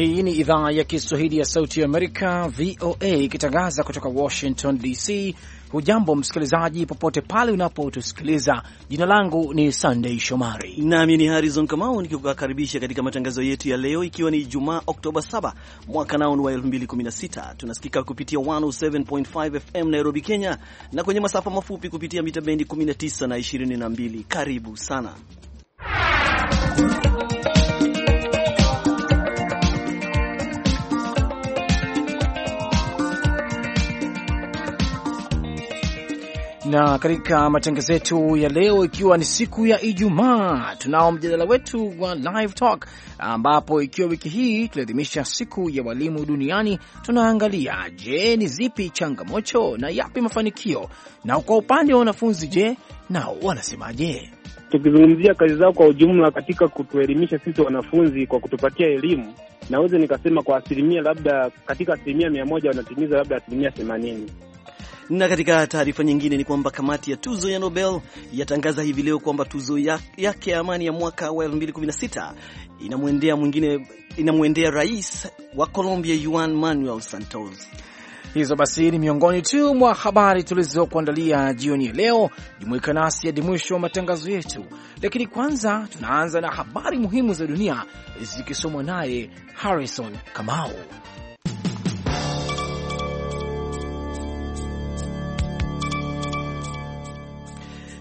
Hii ni idhaa ya Kiswahili ya Sauti ya Amerika, VOA, ikitangaza kutoka Washington DC. Hujambo msikilizaji, popote pale unapotusikiliza. Jina langu ni sandei Shomari nami ni Harrison Kamau nikikukaribisha katika matangazo yetu ya leo, ikiwa ni Ijumaa Oktoba 7 mwaka ni wa 2016. Tunasikika kupitia 107.5 FM Nairobi, Kenya, na kwenye masafa mafupi kupitia mita bendi 19 na 22. Karibu sana na katika matangazo yetu ya leo, ikiwa ni siku ya Ijumaa, tunao mjadala wetu wa Live Talk, ambapo ikiwa wiki hii tuliadhimisha siku ya walimu duniani, tunaangalia je, ni zipi changamoto na yapi mafanikio, na kwa upande wa wanafunzi, je, nao wanasemaje? Tukizungumzia kazi zao kwa ujumla katika kutuelimisha sisi wanafunzi kwa kutupatia elimu, naweza nikasema kwa asilimia labda, katika asilimia mia moja wanatimiza labda asilimia themanini. Na katika taarifa nyingine ni kwamba kamati ya tuzo ya Nobel yatangaza hivi leo kwamba tuzo yake ya amani ya mwaka wa 2016 inamwendea mwingine inamwendea rais wa Colombia Juan Manuel Santos. Hizo basi ni miongoni tu mwa habari tulizokuandalia jioni ya leo. Jumuika nasi hadi mwisho wa matangazo yetu, lakini kwanza tunaanza na habari muhimu za dunia zikisomwa naye Harrison Kamau.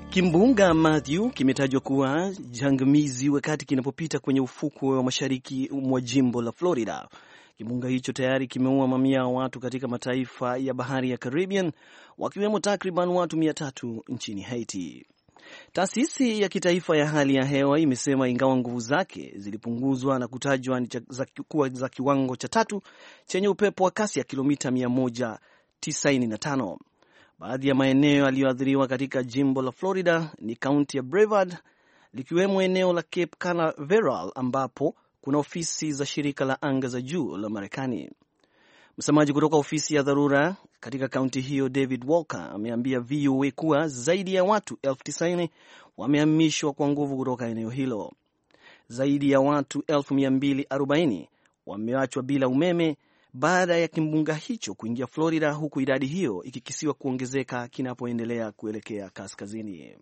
Kimbunga Matthew kimetajwa kuwa jangamizi wakati kinapopita kwenye ufukwe wa mashariki mwa jimbo la Florida. Kimbunga hicho tayari kimeua mamia ya watu katika mataifa ya bahari ya Caribbean, wakiwemo takriban watu mia tatu nchini Haiti. Taasisi ya kitaifa ya hali ya hewa imesema ingawa nguvu zake zilipunguzwa na kutajwa kuwa za kiwango cha tatu chenye upepo wa kasi ya kilomita 195 Baadhi ya maeneo yaliyoathiriwa katika jimbo la Florida ni kaunti ya Brevard, likiwemo eneo la Cape Canaveral ambapo kuna ofisi za shirika la anga za juu la Marekani. Msemaji kutoka ofisi ya dharura katika kaunti hiyo David Walker ameambia VOA kuwa zaidi ya watu elfu tisini wamehamishwa kwa nguvu kutoka eneo hilo. Zaidi ya watu elfu mia mbili arobaini wameachwa bila umeme baada ya kimbunga hicho kuingia Florida, huku idadi hiyo ikikisiwa kuongezeka kinapoendelea kuelekea kaskazini.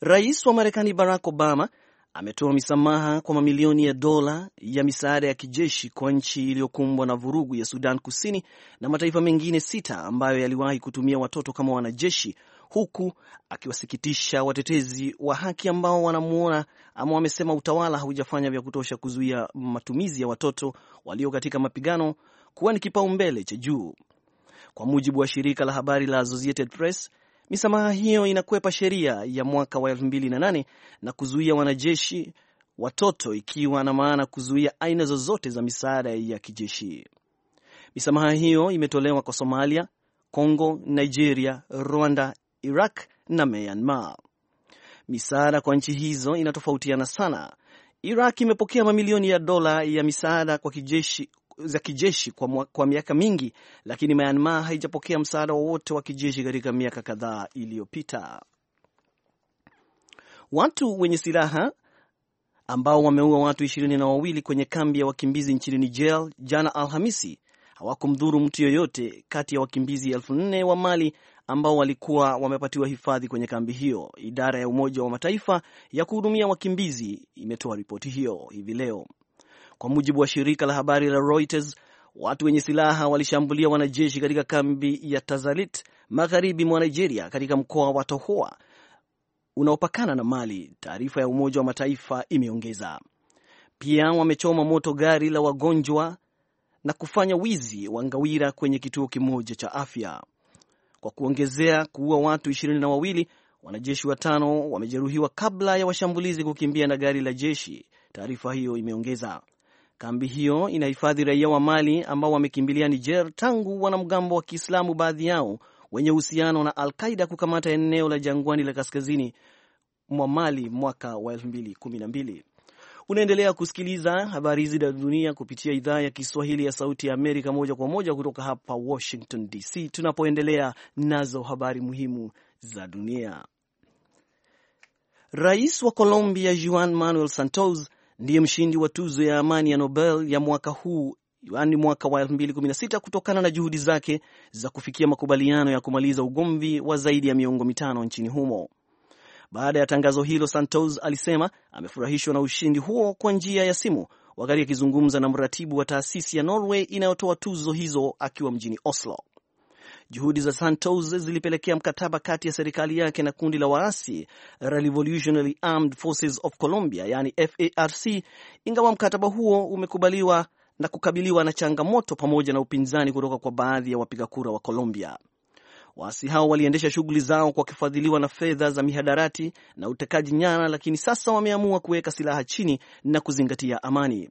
Rais wa Marekani Barack Obama ametoa misamaha kwa mamilioni ya dola ya misaada ya kijeshi kwa nchi iliyokumbwa na vurugu ya Sudan Kusini na mataifa mengine sita ambayo yaliwahi kutumia watoto kama wanajeshi huku akiwasikitisha watetezi wa haki ambao wanamuona ama wamesema utawala haujafanya vya kutosha kuzuia matumizi ya watoto walio katika mapigano kuwa ni kipaumbele cha juu. Kwa mujibu wa shirika la habari la Associated Press, misamaha hiyo inakwepa sheria ya mwaka wa 2008 na kuzuia wanajeshi watoto, ikiwa na maana kuzuia aina zozote za misaada ya kijeshi. Misamaha hiyo imetolewa kwa Somalia, Kongo, Nigeria, Rwanda, Iraq na Myanmar. Misaada kwa nchi hizo inatofautiana sana. Iraq imepokea mamilioni ya dola ya misaada kwa kijeshi, za kijeshi kwa, mwa, kwa miaka mingi, lakini Myanmar haijapokea msaada wowote wa kijeshi katika miaka kadhaa iliyopita. Watu wenye silaha ambao wameua watu ishirini na wawili kwenye kambi ya wakimbizi nchini Niger jana Alhamisi hawakumdhuru mtu yoyote kati ya wakimbizi elfu nne wa Mali ambao walikuwa wamepatiwa hifadhi kwenye kambi hiyo, idara ya Umoja wa Mataifa ya kuhudumia wakimbizi imetoa ripoti hiyo hivi leo. Kwa mujibu wa shirika la habari la Reuters, watu wenye silaha walishambulia wanajeshi katika kambi ya Tazalit magharibi mwa Nigeria, katika mkoa wa Tohoa unaopakana na Mali, taarifa ya Umoja wa Mataifa imeongeza. Pia wamechoma moto gari la wagonjwa na kufanya wizi wa ngawira kwenye kituo kimoja cha afya kwa kuongezea kuua watu ishirini na wawili. Wanajeshi watano wamejeruhiwa kabla ya washambulizi kukimbia na gari la jeshi, taarifa hiyo imeongeza. Kambi hiyo inahifadhi raia wa Mali ambao wamekimbilia Niger tangu wanamgambo wa Kiislamu, baadhi yao wenye uhusiano na Al Qaida, kukamata eneo la jangwani la kaskazini mwa Mali mwaka wa 212 Unaendelea kusikiliza habari hizi za dunia kupitia idhaa ya Kiswahili ya Sauti ya Amerika, moja kwa moja kutoka hapa Washington DC, tunapoendelea nazo habari muhimu za dunia. Rais wa Colombia Juan Manuel Santos ndiye mshindi wa tuzo ya amani ya Nobel ya mwaka huu yaani mwaka wa 2016 kutokana na juhudi zake za kufikia makubaliano ya kumaliza ugomvi wa zaidi ya miongo mitano nchini humo. Baada ya tangazo hilo, Santos alisema amefurahishwa na ushindi huo kwa njia ya simu, wakati akizungumza na mratibu wa taasisi ya Norway inayotoa tuzo hizo akiwa mjini Oslo. Juhudi za Santos zilipelekea mkataba kati ya serikali yake na kundi la waasi Revolutionary Armed Forces of Colombia, yani FARC, ingawa mkataba huo umekubaliwa na kukabiliwa na changamoto pamoja na upinzani kutoka kwa baadhi ya wapiga kura wa Colombia. Waasi hao waliendesha shughuli zao kwa kufadhiliwa na fedha za mihadarati na utekaji nyara, lakini sasa wameamua kuweka silaha chini na kuzingatia amani.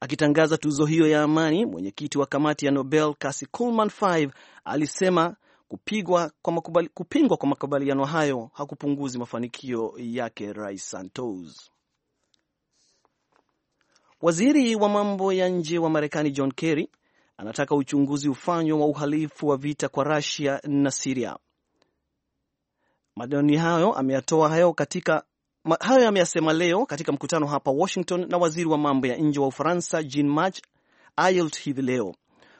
Akitangaza tuzo hiyo ya amani, mwenyekiti wa kamati ya Nobel Kasi Coleman Five alisema kupigwa kwa makubali, kupingwa kwa makubaliano hayo hakupunguzi mafanikio yake Rais Santos. Waziri wa mambo ya nje wa Marekani John Kerry anataka uchunguzi ufanywe wa uhalifu wa vita kwa rasia na siria Madoni hayo ameyatoa hayo katika hayo ameyasema leo katika mkutano hapa Washington na waziri wa mambo ya nje wa Ufaransa Jean Marc Ayrault hivi leo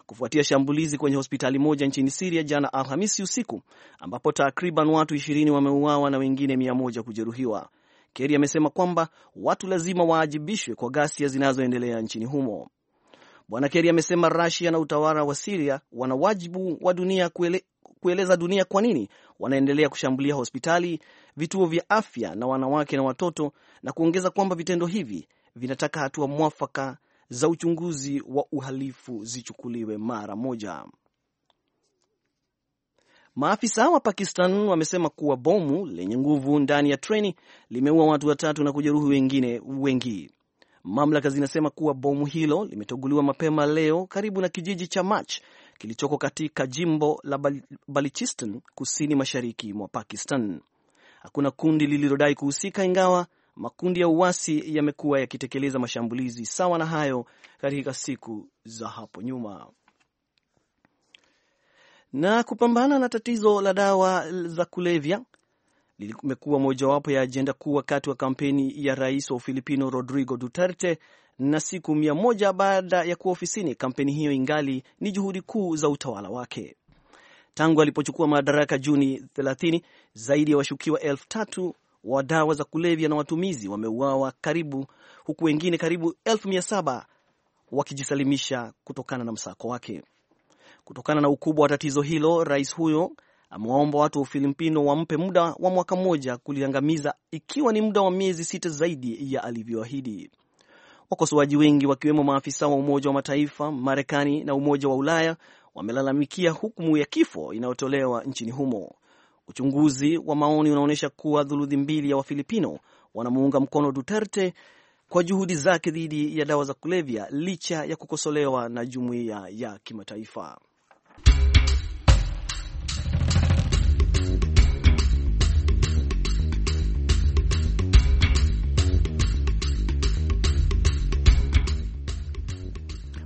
kufuatia shambulizi kwenye hospitali moja nchini Siria jana Alhamisi usiku ambapo takriban watu ishirini wameuawa na wengine mia moja kujeruhiwa. Keri amesema kwamba watu lazima waajibishwe kwa ghasia zinazoendelea nchini humo. Bwana Kerry amesema Russia na utawala wa Siria wana wajibu wa dunia kuele, kueleza dunia kwa nini wanaendelea kushambulia hospitali, vituo vya afya na wanawake na watoto, na kuongeza kwamba vitendo hivi vinataka hatua mwafaka za uchunguzi wa uhalifu zichukuliwe mara moja. Maafisa wa Pakistan wamesema kuwa bomu lenye nguvu ndani ya treni limeua watu watatu na kujeruhi wengine wengi. Mamlaka zinasema kuwa bomu hilo limetoguliwa mapema leo karibu na kijiji cha Mach kilichoko katika jimbo la Balichistan kusini mashariki mwa Pakistan. Hakuna kundi lililodai kuhusika, ingawa makundi ya uasi yamekuwa yakitekeleza mashambulizi sawa na hayo katika siku za hapo nyuma. Na kupambana na tatizo la dawa za kulevya, limekuwa mojawapo ya ajenda kuu wakati wa kampeni ya rais wa Ufilipino Rodrigo Duterte, na siku mia moja baada ya kuwa ofisini, kampeni hiyo ingali ni juhudi kuu za utawala wake. Tangu alipochukua madaraka Juni 30, zaidi ya washukiwa elfu tatu wa dawa za kulevya na watumizi wameuawa karibu, huku wengine karibu elfu mia saba wakijisalimisha kutokana na msako wake. Kutokana na ukubwa wa tatizo hilo, rais huyo amewaomba watu wa Ufilipino wampe muda wa mwaka mmoja kuliangamiza, ikiwa ni muda wa miezi sita zaidi ya alivyoahidi. Wakosoaji wengi wakiwemo maafisa wa Umoja wa Mataifa, Marekani na Umoja wa Ulaya wamelalamikia hukumu ya kifo inayotolewa nchini humo. Uchunguzi wa maoni unaonyesha kuwa thuluthi mbili ya Wafilipino wanamuunga mkono Duterte kwa juhudi zake dhidi ya dawa za kulevya licha ya kukosolewa na jumuiya ya kimataifa.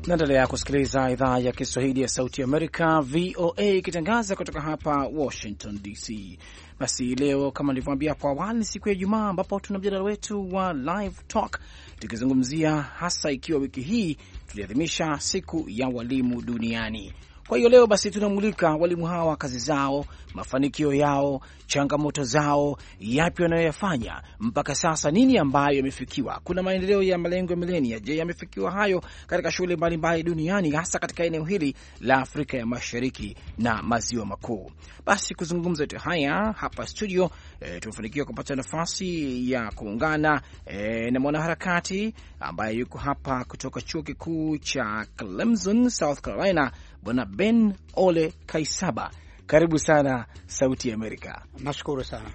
Naendelea kusikiliza idhaa ya Kiswahili ya Sauti Amerika, VOA, ikitangaza kutoka hapa Washington DC. Basi leo kama nilivyoambia hapo awali, ni siku ya Ijumaa ambapo tuna mjadala wetu wa Live Talk tukizungumzia hasa ikiwa wiki hii tuliadhimisha siku ya walimu duniani. Kwa hiyo leo basi tunamulika walimu hawa, kazi zao, mafanikio yao, changamoto zao, yapi wanayoyafanya mpaka sasa, nini ambayo yamefikiwa. Kuna maendeleo ya malengo ya milenia, je, yamefikiwa hayo katika shule mbalimbali duniani, hasa katika eneo hili la Afrika ya Mashariki na Maziwa Makuu? Basi kuzungumza yote haya hapa studio e, tumefanikiwa kupata nafasi ya kuungana e, na mwanaharakati ambaye yuko hapa kutoka chuo kikuu cha Clemson, South Carolina Bwana Ben Ole Kaisaba, karibu sana Sauti ya Amerika. Nashukuru sana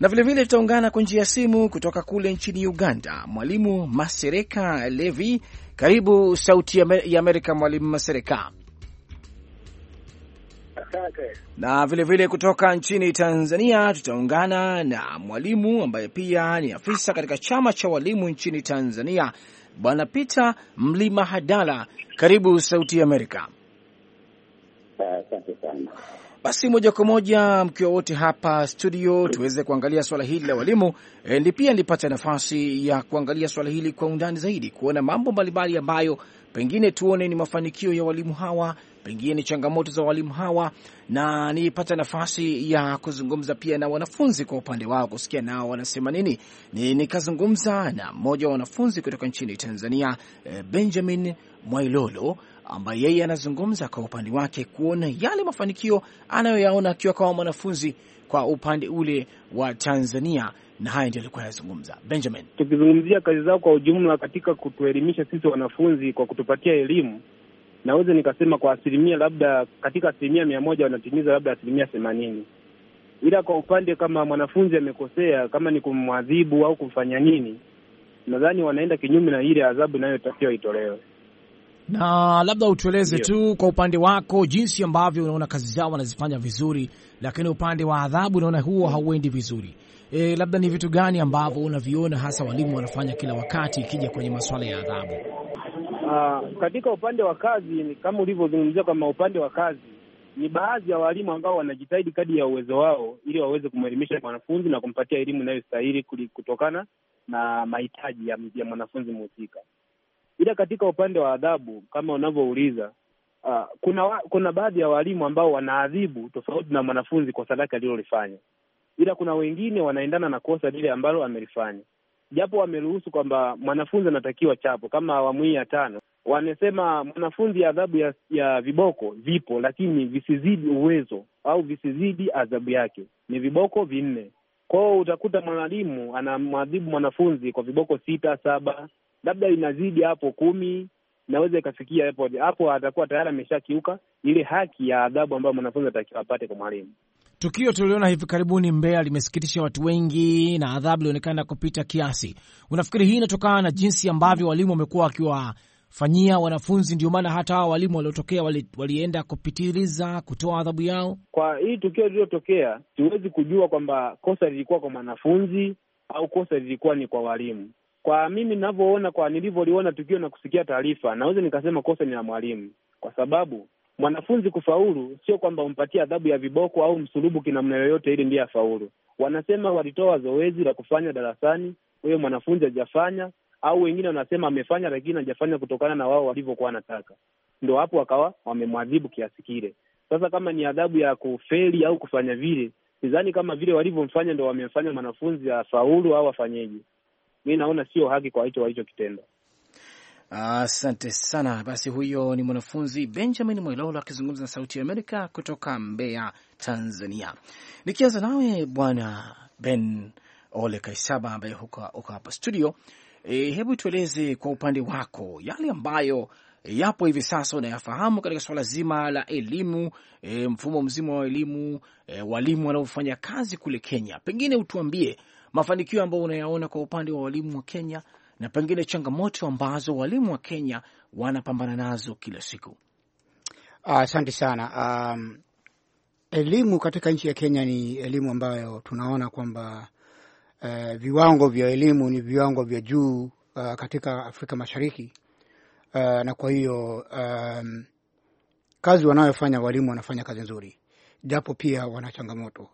na vilevile tutaungana kwa njia ya simu kutoka kule nchini Uganda, Mwalimu Masereka Levi. Karibu Sauti ya Amerika, Mwalimu Masereka. Na vilevile vile kutoka nchini Tanzania tutaungana na mwalimu ambaye pia ni afisa katika chama cha walimu nchini Tanzania, Bwana Peter Mlima Hadala. Karibu Sauti ya Amerika. Asante sana. Basi moja kwa moja mkiwa wote hapa studio, tuweze kuangalia swala hili la walimu e, ndi pia nilipata nafasi ya kuangalia swala hili kwa undani zaidi, kuona mambo mbalimbali ambayo pengine tuone ni mafanikio ya walimu hawa, pengine ni changamoto za walimu hawa, na nilipata nafasi ya kuzungumza pia na wanafunzi kwa upande wao, kusikia nao wanasema nini. Nikazungumza na mmoja wa wanafunzi kutoka nchini Tanzania, eh, Benjamin Mwailolo ambaye yeye anazungumza kwa upande wake kuona yale mafanikio anayoyaona akiwa kama mwanafunzi kwa upande ule wa Tanzania, na haya ndio alikuwa anazungumza Benjamin, tukizungumzia kazi zao kwa ujumla katika kutuelimisha sisi wanafunzi kwa kutupatia elimu, naweza nikasema kwa asilimia labda katika asilimia mia moja wanatimiza labda asilimia themanini, ila kwa upande kama mwanafunzi amekosea, kama ni kumwadhibu au kumfanya nini, nadhani wanaenda kinyume na ile adhabu inayotakiwa itolewe na labda utueleze tu kwa upande wako jinsi ambavyo unaona kazi zao wanazifanya vizuri, lakini upande wa adhabu unaona huo hauendi vizuri. E, labda ni vitu gani ambavyo unaviona hasa walimu wanafanya kila wakati ikija kwenye masuala ya adhabu? Uh, katika upande wa kazi kama ulivyozungumzia, kama upande wa kazi ni baadhi ya walimu ambao wanajitahidi kadi ya uwezo wao ili waweze kumwelimisha mwanafunzi na kumpatia elimu inayostahili kutokana na mahitaji ya, ya mwanafunzi mhusika. Ila katika upande wa adhabu kama unavyouliza, uh, kuna wa, kuna baadhi ya walimu ambao wanaadhibu tofauti na mwanafunzi kosa lake alilolifanya, ila kuna wengine wanaendana na kosa lile ambalo amelifanya, japo wameruhusu kwamba mwanafunzi anatakiwa chapo kama awamu hii ya tano wamesema mwanafunzi adhabu ya, ya viboko vipo, lakini visizidi uwezo au visizidi adhabu yake, ni viboko vinne. Kwao utakuta mwalimu anamwadhibu mwanafunzi kwa viboko sita saba, labda inazidi hapo kumi, naweza ikafikia hapo hapo, atakuwa tayari ameshakiuka ile haki ya adhabu ambayo mwanafunzi atakiwa apate kwa mwalimu. Tukio tuliona hivi karibuni Mbeya limesikitisha watu wengi na adhabu ilionekana kupita kiasi. Unafikiri hii inatokana na jinsi ambavyo walimu wamekuwa wakiwafanyia wanafunzi? Ndio maana hata hawa walimu waliotokea wali, walienda kupitiliza kutoa adhabu yao. Kwa hii tukio lililotokea, siwezi kujua kwamba kosa lilikuwa kwa mwanafunzi au kosa lilikuwa ni kwa walimu, kwa mimi ninavyoona, kwa nilivyoliona tukio na kusikia taarifa, naweza nikasema kosa ni la mwalimu, kwa sababu mwanafunzi kufaulu sio kwamba umpatie adhabu ya viboko au msulubu kinamna yoyote ili ndiye afaulu. Wanasema walitoa zoezi la kufanya darasani, huyo mwanafunzi hajafanya, au wengine wanasema amefanya lakini hajafanya kutokana na wao walivyokuwa wanataka, ndo hapo wakawa wamemwadhibu kiasi kile. Sasa kama ni adhabu ya kufeli au kufanya vile, sidhani kama vile walivyomfanya ndo wamemfanya mwanafunzi afaulu au afanyeje mi naona sio haki kwa hicho walichokitenda. Asante ah, sana. Basi huyo ni mwanafunzi Benjamin Mwelolo akizungumza na Sauti ya Amerika kutoka Mbeya, Tanzania. Nikianza nawe Bwana Ben Ole Kaisaba ambaye uko hapa studio. E, hebu tueleze kwa upande wako yale ambayo yapo hivi sasa unayafahamu katika suala zima la elimu, e, mfumo mzima wa elimu, e, walimu wanaofanya kazi kule Kenya, pengine utuambie mafanikio ambayo unayaona kwa upande wa walimu wa Kenya na pengine changamoto ambazo walimu wa Kenya wanapambana nazo kila siku? Asante uh, sana um, elimu katika nchi ya Kenya ni elimu ambayo tunaona kwamba uh, viwango vya elimu ni viwango vya juu uh, katika Afrika Mashariki uh, na kwa hiyo um, kazi wanayofanya walimu wanafanya kazi nzuri, japo pia wana changamoto,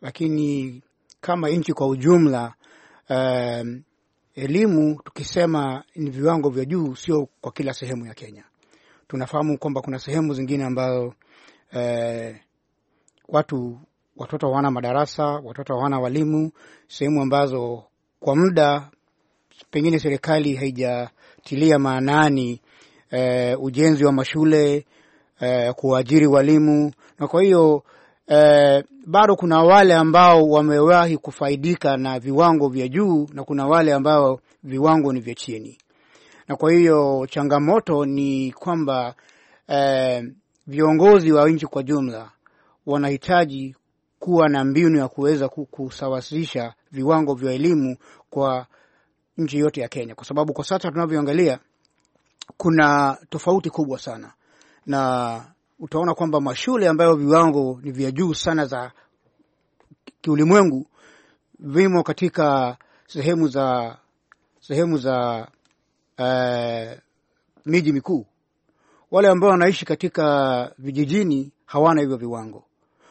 lakini kama nchi kwa ujumla um, elimu tukisema ni viwango vya juu, sio kwa kila sehemu ya Kenya. Tunafahamu kwamba kuna sehemu zingine ambazo eh, watu watoto hawana madarasa, watoto hawana walimu, sehemu ambazo kwa muda pengine serikali haijatilia maanani eh, ujenzi wa mashule eh, kuajiri walimu, na kwa hiyo eh, bado kuna wale ambao wamewahi kufaidika na viwango vya juu na kuna wale ambao viwango ni vya chini, na kwa hiyo changamoto ni kwamba eh, viongozi wa nchi kwa jumla wanahitaji kuwa na mbinu ya kuweza kusawazisha viwango vya elimu kwa nchi yote ya Kenya, kwa sababu kwa sasa tunavyoangalia kuna tofauti kubwa sana na utaona kwamba mashule ambayo viwango ni vya juu sana za kiulimwengu vimo katika sehemu za sehemu za uh, miji mikuu. Wale ambao wanaishi katika vijijini hawana hivyo viwango,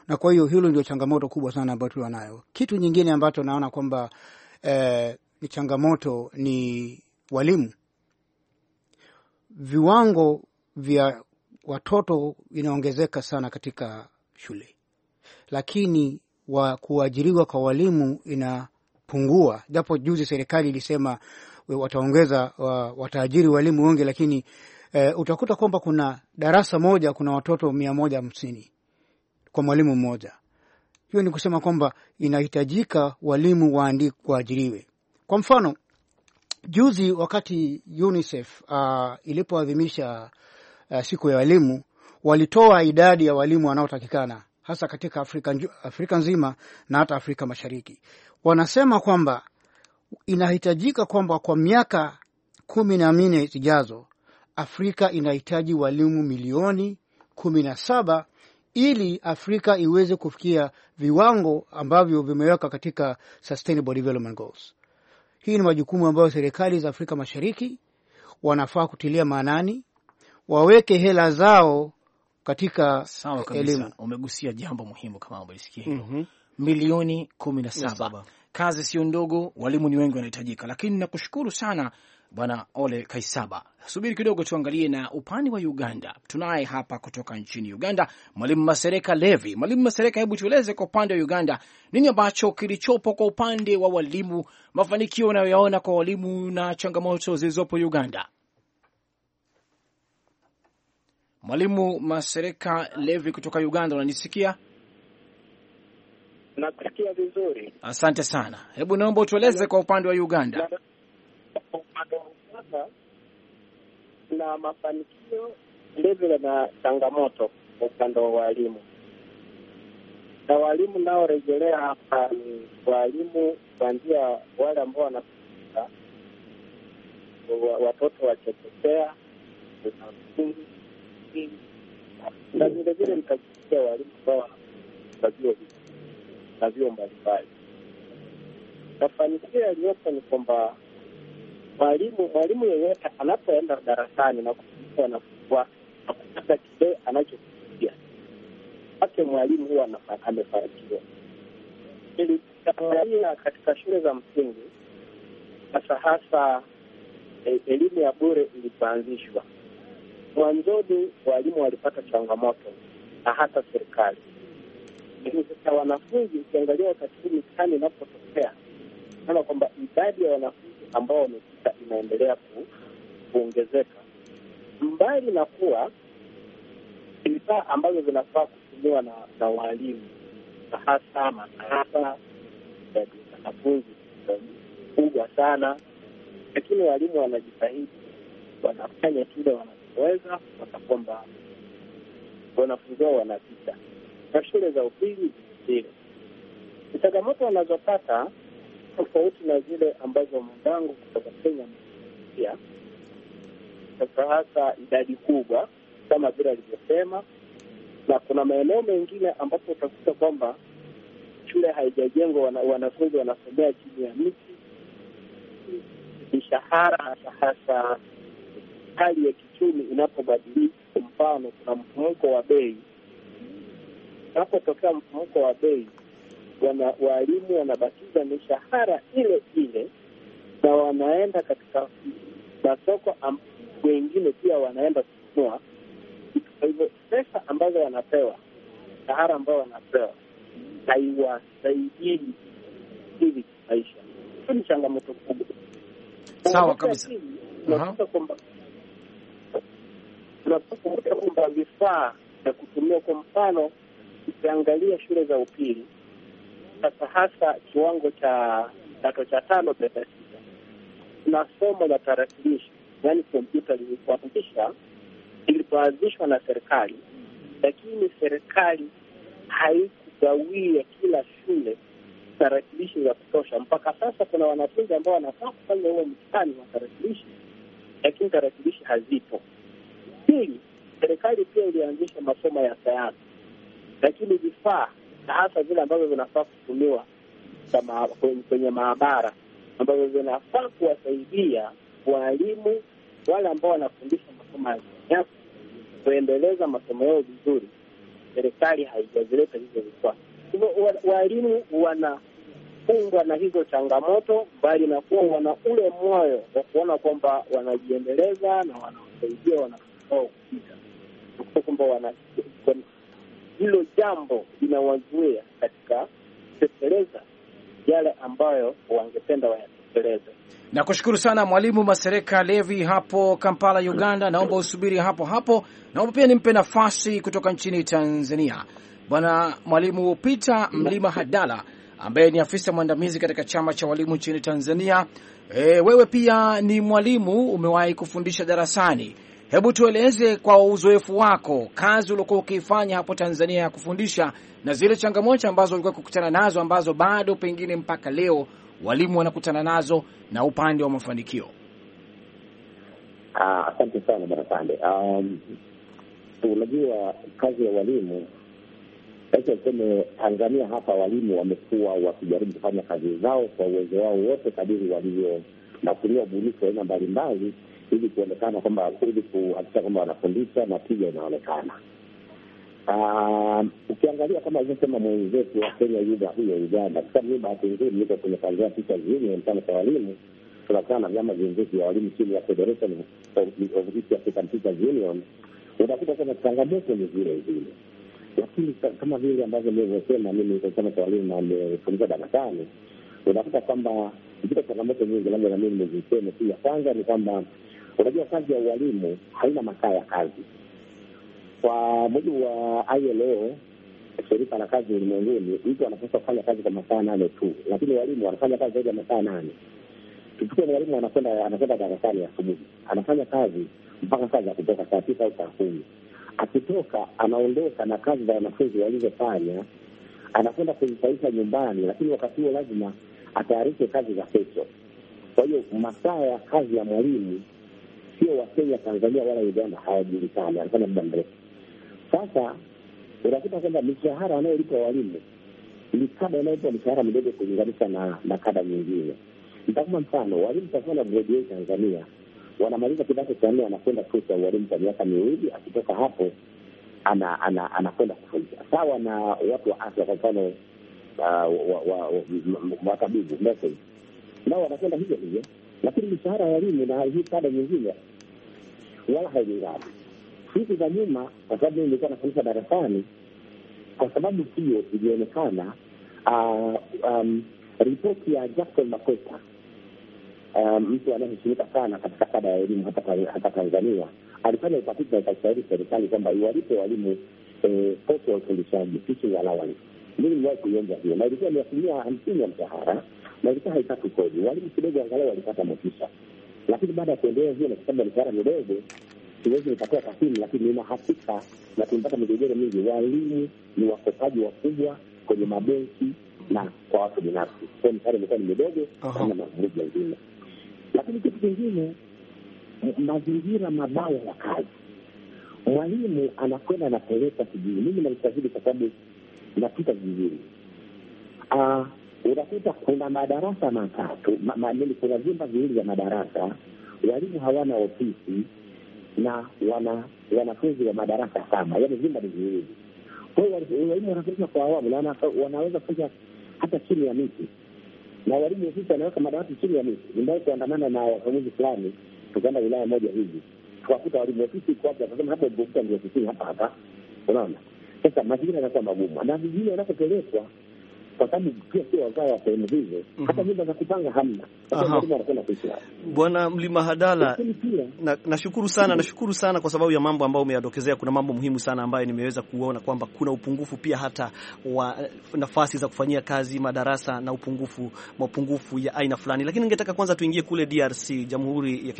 na kwa hiyo hilo ndio changamoto kubwa sana ambayo tulionayo. Kitu nyingine ambacho naona kwamba uh, ni changamoto ni walimu. Viwango vya watoto inaongezeka sana katika shule, lakini wa kuajiriwa kwa walimu inapungua, japo juzi serikali ilisema wataongeza wataajiri walimu wengi, lakini e, utakuta kwamba kuna darasa moja kuna watoto mia moja hamsini kwa mwalimu mmoja. Hiyo ni kusema kwamba inahitajika walimu waajiriwe. Kwa mfano juzi wakati UNICEF uh, ilipoadhimisha uh, siku ya walimu walitoa idadi ya walimu wanaotakikana hasa katika Afrika, Afrika nzima na hata Afrika Mashariki. Wanasema kwamba inahitajika kwamba kwa miaka kumi na minne zijazo Afrika inahitaji walimu milioni kumi na saba ili Afrika iweze kufikia viwango ambavyo vimeweka katika Sustainable Development Goals. Hii ni majukumu ambayo serikali za Afrika Mashariki wanafaa kutilia maanani waweke hela zao katika elimu. Umegusia jambo muhimu kama umelisikia hilo. mm -hmm. Milioni kumi na saba. Kazi sio ndogo, walimu ni wengi wanahitajika, lakini nakushukuru sana Bwana Ole Kaisaba. Subiri kidogo, tuangalie na upande wa Uganda. Tunaye hapa kutoka nchini Uganda Mwalimu Masereka Levi. Mwalimu Masereka, hebu tueleze kwa upande wa Uganda nini ambacho kilichopo kwa upande wa walimu, mafanikio unayoyaona kwa walimu na changamoto zilizopo Uganda. Mwalimu Masereka Levi kutoka Uganda, unanisikia? Nakusikia vizuri, asante sana. Hebu naomba utueleze kwa upande wa Uganda na mafanikio vilevile na changamoto kwa upande wa walimu na walimu naorejelea hapa ni walimu kuanzia wale ambao wanafundisha watoto wa chekechea na msingi akili na vilevile nitaia walimu ambao wa vyuo na vyuo mbalimbali. Mafanikio yaliyopo ni kwamba mwalimu mwalimu yeyote anapoenda darasani na kufundisha wanafunzi wake na kupata kile anachokisia kwake, mwalimu huwa amefanikiwa. Niliangalia katika shule za msingi, hasa hasa eh, elimu ya bure ilipoanzishwa Mwanzoni walimu walipata changamoto na hata serikali, lakini sasa wanafunzi, ukiangalia wakati huu mitihani inapotokea, naona kwamba idadi ya wanafunzi ambao wamepita inaendelea kuongezeka, mbali na kuwa vifaa ambavyo vinafaa kutumiwa na, na waalimu na hasa madarasa eh, ya wanafunzi eh, kubwa sana, lakini waalimu wanajitahidi, wanafanya kile wana wanavyoweza kupata kwamba wanafunzi wao wanapita, na shule za upili zile changamoto wanazopata tofauti na zile ambazo mwenzangu kutoka Kenya pia sasa, hasa idadi kubwa kama vile alivyosema, na kuna maeneo mengine ambapo utakuta kwamba shule haijajengwa, wana, wanafunzi wanasomea chini ya miti, mishahara hasa hasa hali ya kichumi inapobadilika. Mfano, kuna mfumuko wa bei. Unapotokea mfumuko wa bei, wana waalimu wanabakiza mishahara ile ile na wanaenda katika masoko wengine pia wanaenda kununua. Kwa hivyo pesa ambazo wanapewa, mshahara ambao wanapewa haiwasaidii hivi maisha. Hiyo ni changamoto kubwa. Sawa kabisa, unakuta kwamba tunapokumbuka kwamba vifaa vya kutumia, kwa mfano ukiangalia shule za upili sasa, hasa kiwango cha kidato cha tano pesa sita, tuna somo la tarakilishi, yaani kompyuta, lilipoanzishwa ilipoanzishwa na serikali, lakini serikali haikugawia kila shule tarakilishi za kutosha. Mpaka sasa kuna wanafunzi ambao wanafaa kufanya huo mtihani wa tarakilishi, lakini tarakilishi hazipo. Pili, serikali pia ilianzisha masomo ya sayansi, lakini vifaa na hasa vile ambavyo vinafaa kutumiwa kwenye maabara ambavyo vinafaa kuwasaidia walimu wale ambao wanafundisha masomo ya sayansi kuendeleza masomo yao vizuri, serikali haijazileta hizo vifaa. Hivyo walimu wanakumbwa na hizo changamoto, mbali na kuwa wana ule moyo wa kuona kwamba wanajiendeleza na wanawasaidia wana wao kupita, kwamba wana hilo jambo linawazuia katika kutekeleza yale ambayo wangependa wayatekeleze. Na kushukuru sana Mwalimu Masereka Levi hapo Kampala, Uganda. Naomba usubiri hapo hapo, naomba pia nimpe nafasi kutoka nchini Tanzania Bwana Mwalimu Peter Mlima Hadala ambaye ni afisa mwandamizi katika chama cha walimu nchini Tanzania. E, wewe pia ni mwalimu, umewahi kufundisha darasani. Hebu tueleze kwa uzoefu wako kazi uliokuwa ukiifanya hapo Tanzania ya kufundisha na zile changamoto ambazo ulikuwa kukutana nazo ambazo bado pengine mpaka leo walimu wanakutana nazo na upande wa mafanikio. Ah, asante uh, sana bwana Sande. Um, unajua kazi ya walimu sasa, tuseme Tanzania hapa walimu wamekuwa wakijaribu kufanya kazi zao kwa uwezo wao wote kadiri walivyo na kutumia ubunifu wa aina mbalimbali ili kuonekana kwamba ili kuhakikisha kwamba wanafundisha na tija inaonekana. Uh, Ukiangalia kama alivyosema mwenzetu wa Kenya yuda huyo Uganda, kwa sababu mimi bahati nzuri niko kwenye kanzia picha Union, mfano kwa walimu, tunakutana na vyama vingi vya walimu chini ya Federation of East African Teachers Union. Unakuta kwamba changamoto ni zile zile, lakini kama vile ambavyo nilivyosema, mimi niko chama cha walimu na nimefundisha darasani, unakuta kwamba zile changamoto nyingi, labda na mimi niziseme tu. Ya kwanza ni kwamba Unajua, kazi ya ualimu haina masaa ya kazi. Kwa mujibu wa ILO, shirika la kazi ulimwenguni, mtu anapaswa kufanya kazi kwa masaa nane tu, lakini walimu wanafanya kazi zaidi ya masaa nane. Tuchukue mwalimu anakwenda anakwenda darasani asubuhi, anafanya kazi mpaka saa za kutoka saa tisa au saa kumi. Akitoka anaondoka na kazi za wanafunzi walizofanya, anakwenda kuzisaisha nyumbani, lakini wakati huo lazima atayarishe kazi za kesho. Kwa hiyo masaa ya kazi ya mwalimu sio Wakenya, Tanzania wala Uganda, hawajulikani, anafanya muda mrefu sasa. Unakuta kwamba mishahara anayolipwa walimu ni kada inayolipwa mishahara midogo kulinganisha na, na kada nyingine. Nitakuma mfano walimu tasana grade Tanzania wanamaliza kidato cha nne, anakwenda chuo cha ualimu kwa miaka miwili, akitoka hapo ana anakwenda ana kufundisha sawa na watu wa afya, kwa mfano matabibu nao wanakwenda hivyo hivyo lakini mishahara ya walimu na hii kada nyingine wala hailingani. Siku za nyuma, kwa sababu mimi nilikuwa nafundisha darasani, kwa sababu hiyo ilionekana uh, um, ripoti ya Jackson Makota um, mtu um, anayeheshimika sana katika kada ya elimu hata Tanzania alifanya utafiti na ikaishauri serikali kwamba iwalipe walimu eh, pote ya ufundishaji, teaching allowance. Mimi niliwahi kuionja hiyo, na ilikuwa ni asilimia hamsini ya mshahara na ilikuwa haitaki kweli. Walimu kidogo angalau walipata motisha, lakini baada ya kuendelea hiyo na kusema mishahara midogo, siwezi nikatoa takwimu, lakini nina hakika na tumepata migogoro mingi. Walimu ni wakopaji wakubwa kwenye mabenki na kwa watu binafsi, kwa mishahara imekuwa ni midogo sana, mavurugu mengine. Lakini kitu kingine, mazingira mabaya ya kazi. Mwalimu anakwenda anapeleka kijijini, mimi namsahidi kwa sababu napita vizuri ah, unakuta kuna madarasa matatu ma, ma, kuna vyumba viwili vya madarasa, walimu hawana ofisi na wana wanafunzi wa madarasa saba, yaani vyumba ni viwili. Kwa hiyo walimu wanafundisha kwa awamu na wanaweza kufunza hata chini ya miti, na walimu ofisi wanaweka madawati chini ya miti. Nimewahi kuandamana na wakaguzi fulani, tukaenda wilaya moja hivi, tukakuta walimu ofisi iko wapi, akasema hapo ndio ofisini hapa hapa. Unaona, sasa mazingira yanakuwa magumu na vingine wanapopelekwa kwa sababu pia sio wazao wa sehemu hizo, mhm. hata nyumba za kupanga hamna. Bwana Mlima Hadala, nashukuru na sana, mhm. nashukuru sana kwa sababu ya mambo ambayo umeyadokezea. Kuna mambo muhimu sana ambayo nimeweza kuona kwamba kuna upungufu pia hata wa nafasi za kufanyia kazi, madarasa na upungufu mapungufu ya aina fulani, lakini ningetaka kwanza tuingie kule DRC, Jamhuri ya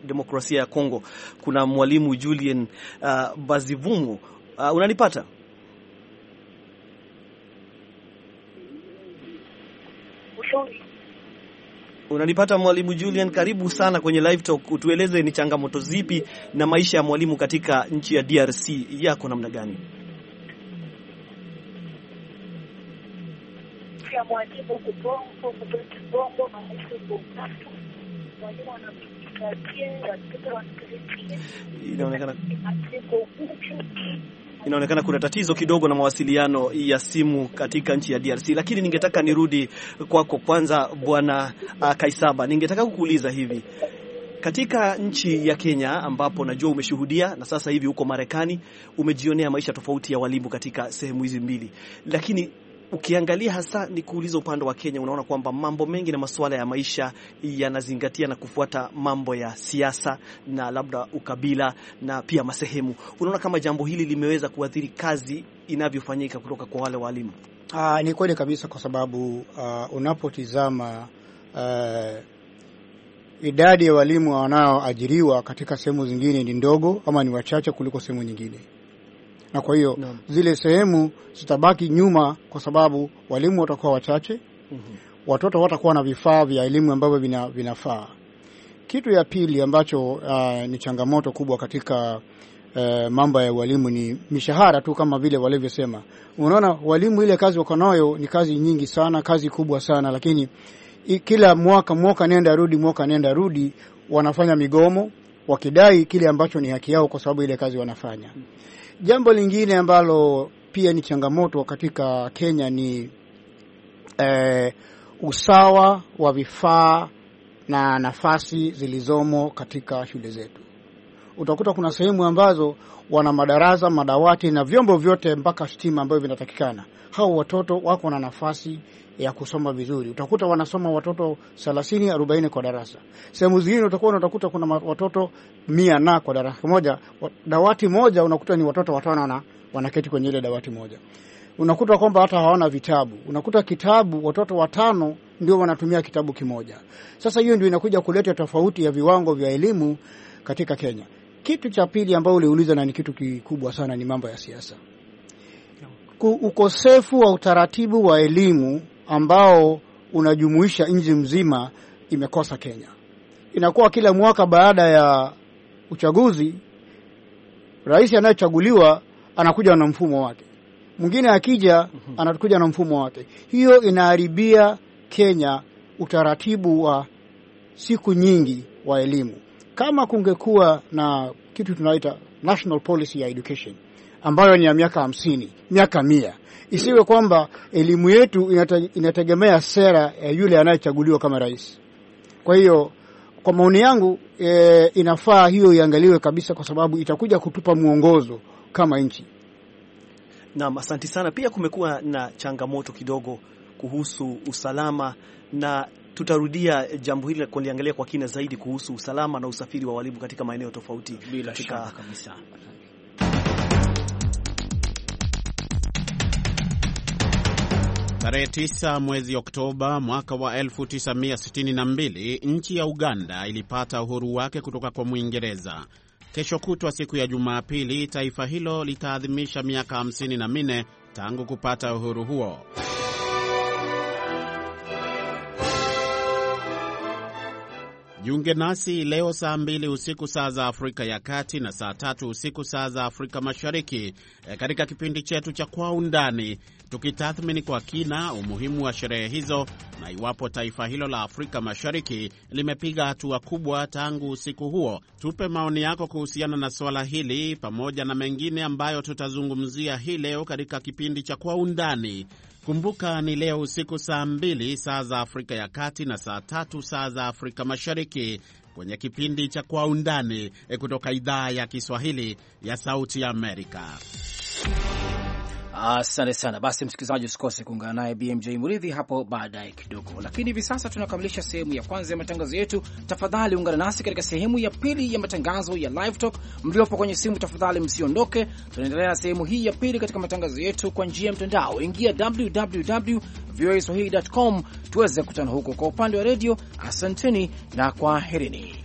Kidemokrasia ya Kongo. Kuna mwalimu Julien uh, Bazivumu uh, unanipata? Unanipata Mwalimu Julian, karibu sana kwenye live talk. Utueleze ni changamoto zipi na maisha ya mwalimu katika nchi ya DRC yako namna gani? Inaonekana inaonekana kuna tatizo kidogo na mawasiliano ya simu katika nchi ya DRC, lakini ningetaka nirudi kwako kwanza, bwana uh, Kaisaba, ningetaka kukuuliza hivi katika nchi ya Kenya ambapo najua umeshuhudia na sasa hivi huko Marekani umejionea maisha tofauti ya walimu katika sehemu hizi mbili, lakini ukiangalia hasa ni kuuliza upande wa Kenya, unaona kwamba mambo mengi na masuala ya maisha yanazingatia na kufuata mambo ya siasa na labda ukabila na pia masehemu. Unaona kama jambo hili limeweza kuathiri kazi inavyofanyika kutoka kwa wale walimu? Ah, ni kweli kabisa kwa sababu uh, unapotizama uh, idadi ya walimu wanaoajiriwa katika sehemu zingine ni ndogo ama ni wachache kuliko sehemu nyingine na kwa hiyo no. zile sehemu zitabaki nyuma, kwa sababu walimu watakuwa wachache mm -hmm. watoto watakuwa na vifaa vya elimu ambavyo vina, vinafaa. Kitu ya pili ambacho uh, ni changamoto kubwa katika uh, mambo ya walimu ni mishahara tu, kama vile walivyosema. Unaona, walimu ile kazi wako nayo ni kazi nyingi sana, kazi kubwa sana, lakini kila mwaka mwaka nenda rudi, mwaka nenda rudi, wanafanya migomo wakidai kile ambacho ni haki yao kwa sababu ile kazi wanafanya. Jambo lingine ambalo pia ni changamoto katika Kenya ni eh, usawa wa vifaa na nafasi zilizomo katika shule zetu utakuta kuna sehemu ambazo wana madarasa, madawati na vyombo vyote mpaka stima ambayo vinatakikana. Hao watoto wako na nafasi ya kusoma vizuri. Utakuta wanasoma watoto 30 40 kwa darasa. Sehemu zingine utakuwa utakuta kuna watoto 100 na kwa darasa moja, dawati moja unakuta ni watoto watano na wanaketi kwenye ile dawati moja. Unakuta kwamba hata hawana vitabu. Unakuta kitabu watoto watano ndio wanatumia kitabu kimoja. Sasa hiyo ndio inakuja kuleta tofauti ya viwango vya elimu katika Kenya. Kitu cha pili ambao uliuliza na ni kitu kikubwa sana ni mambo ya siasa. Ukosefu wa utaratibu wa elimu ambao unajumuisha nchi mzima imekosa Kenya. Inakuwa kila mwaka baada ya uchaguzi, rais anayechaguliwa anakuja na mfumo wake, mwingine akija mhm. anakuja na mfumo wake. Hiyo inaharibia Kenya utaratibu wa siku nyingi wa elimu. Kama kungekuwa na kitu tunaita national policy ya education ambayo ni ya miaka hamsini, miaka mia, isiwe kwamba elimu yetu inategemea sera ya yule anayechaguliwa kama rais. Kwa hiyo kwa maoni yangu e, inafaa hiyo iangaliwe kabisa, kwa sababu itakuja kutupa mwongozo kama nchi. Naam, asante sana. Pia kumekuwa na changamoto kidogo kuhusu usalama na tutarudia jambo hili kuliangalia kwa kina zaidi kuhusu usalama na usafiri wa walimu katika maeneo tofauti bila katika... shaka kabisa. Tarehe 9 mwezi Oktoba mwaka wa 1962 nchi ya Uganda ilipata uhuru wake kutoka kwa Mwingereza. Kesho kutwa, siku ya Jumapili, taifa hilo litaadhimisha miaka 54 tangu kupata uhuru huo. Jiunge nasi leo saa mbili usiku saa za Afrika ya Kati na saa tatu usiku saa za Afrika Mashariki e, katika kipindi chetu cha Kwa Undani, tukitathmini kwa kina umuhimu wa sherehe hizo na iwapo taifa hilo la Afrika Mashariki limepiga hatua kubwa tangu usiku huo. Tupe maoni yako kuhusiana na suala hili pamoja na mengine ambayo tutazungumzia hii leo katika kipindi cha Kwa Undani. Kumbuka ni leo usiku saa mbili saa za Afrika ya Kati na saa tatu saa za Afrika Mashariki kwenye kipindi cha Kwa Undani eh, kutoka idhaa ya Kiswahili ya Sauti ya Amerika. Asante sana. Basi msikilizaji, usikose kuungana naye BMJ Muridhi hapo baadaye kidogo, lakini hivi sasa tunakamilisha sehemu ya kwanza ya matangazo yetu. Tafadhali ungana nasi katika sehemu ya pili ya matangazo ya Live Talk. Mliopo kwenye simu, tafadhali msiondoke, tunaendelea na sehemu hii ya pili katika matangazo yetu kwa njia ya mtandao. Ingia www voaswahili.com tuweze kukutana huko. Kwa upande wa redio, asanteni na kwaherini.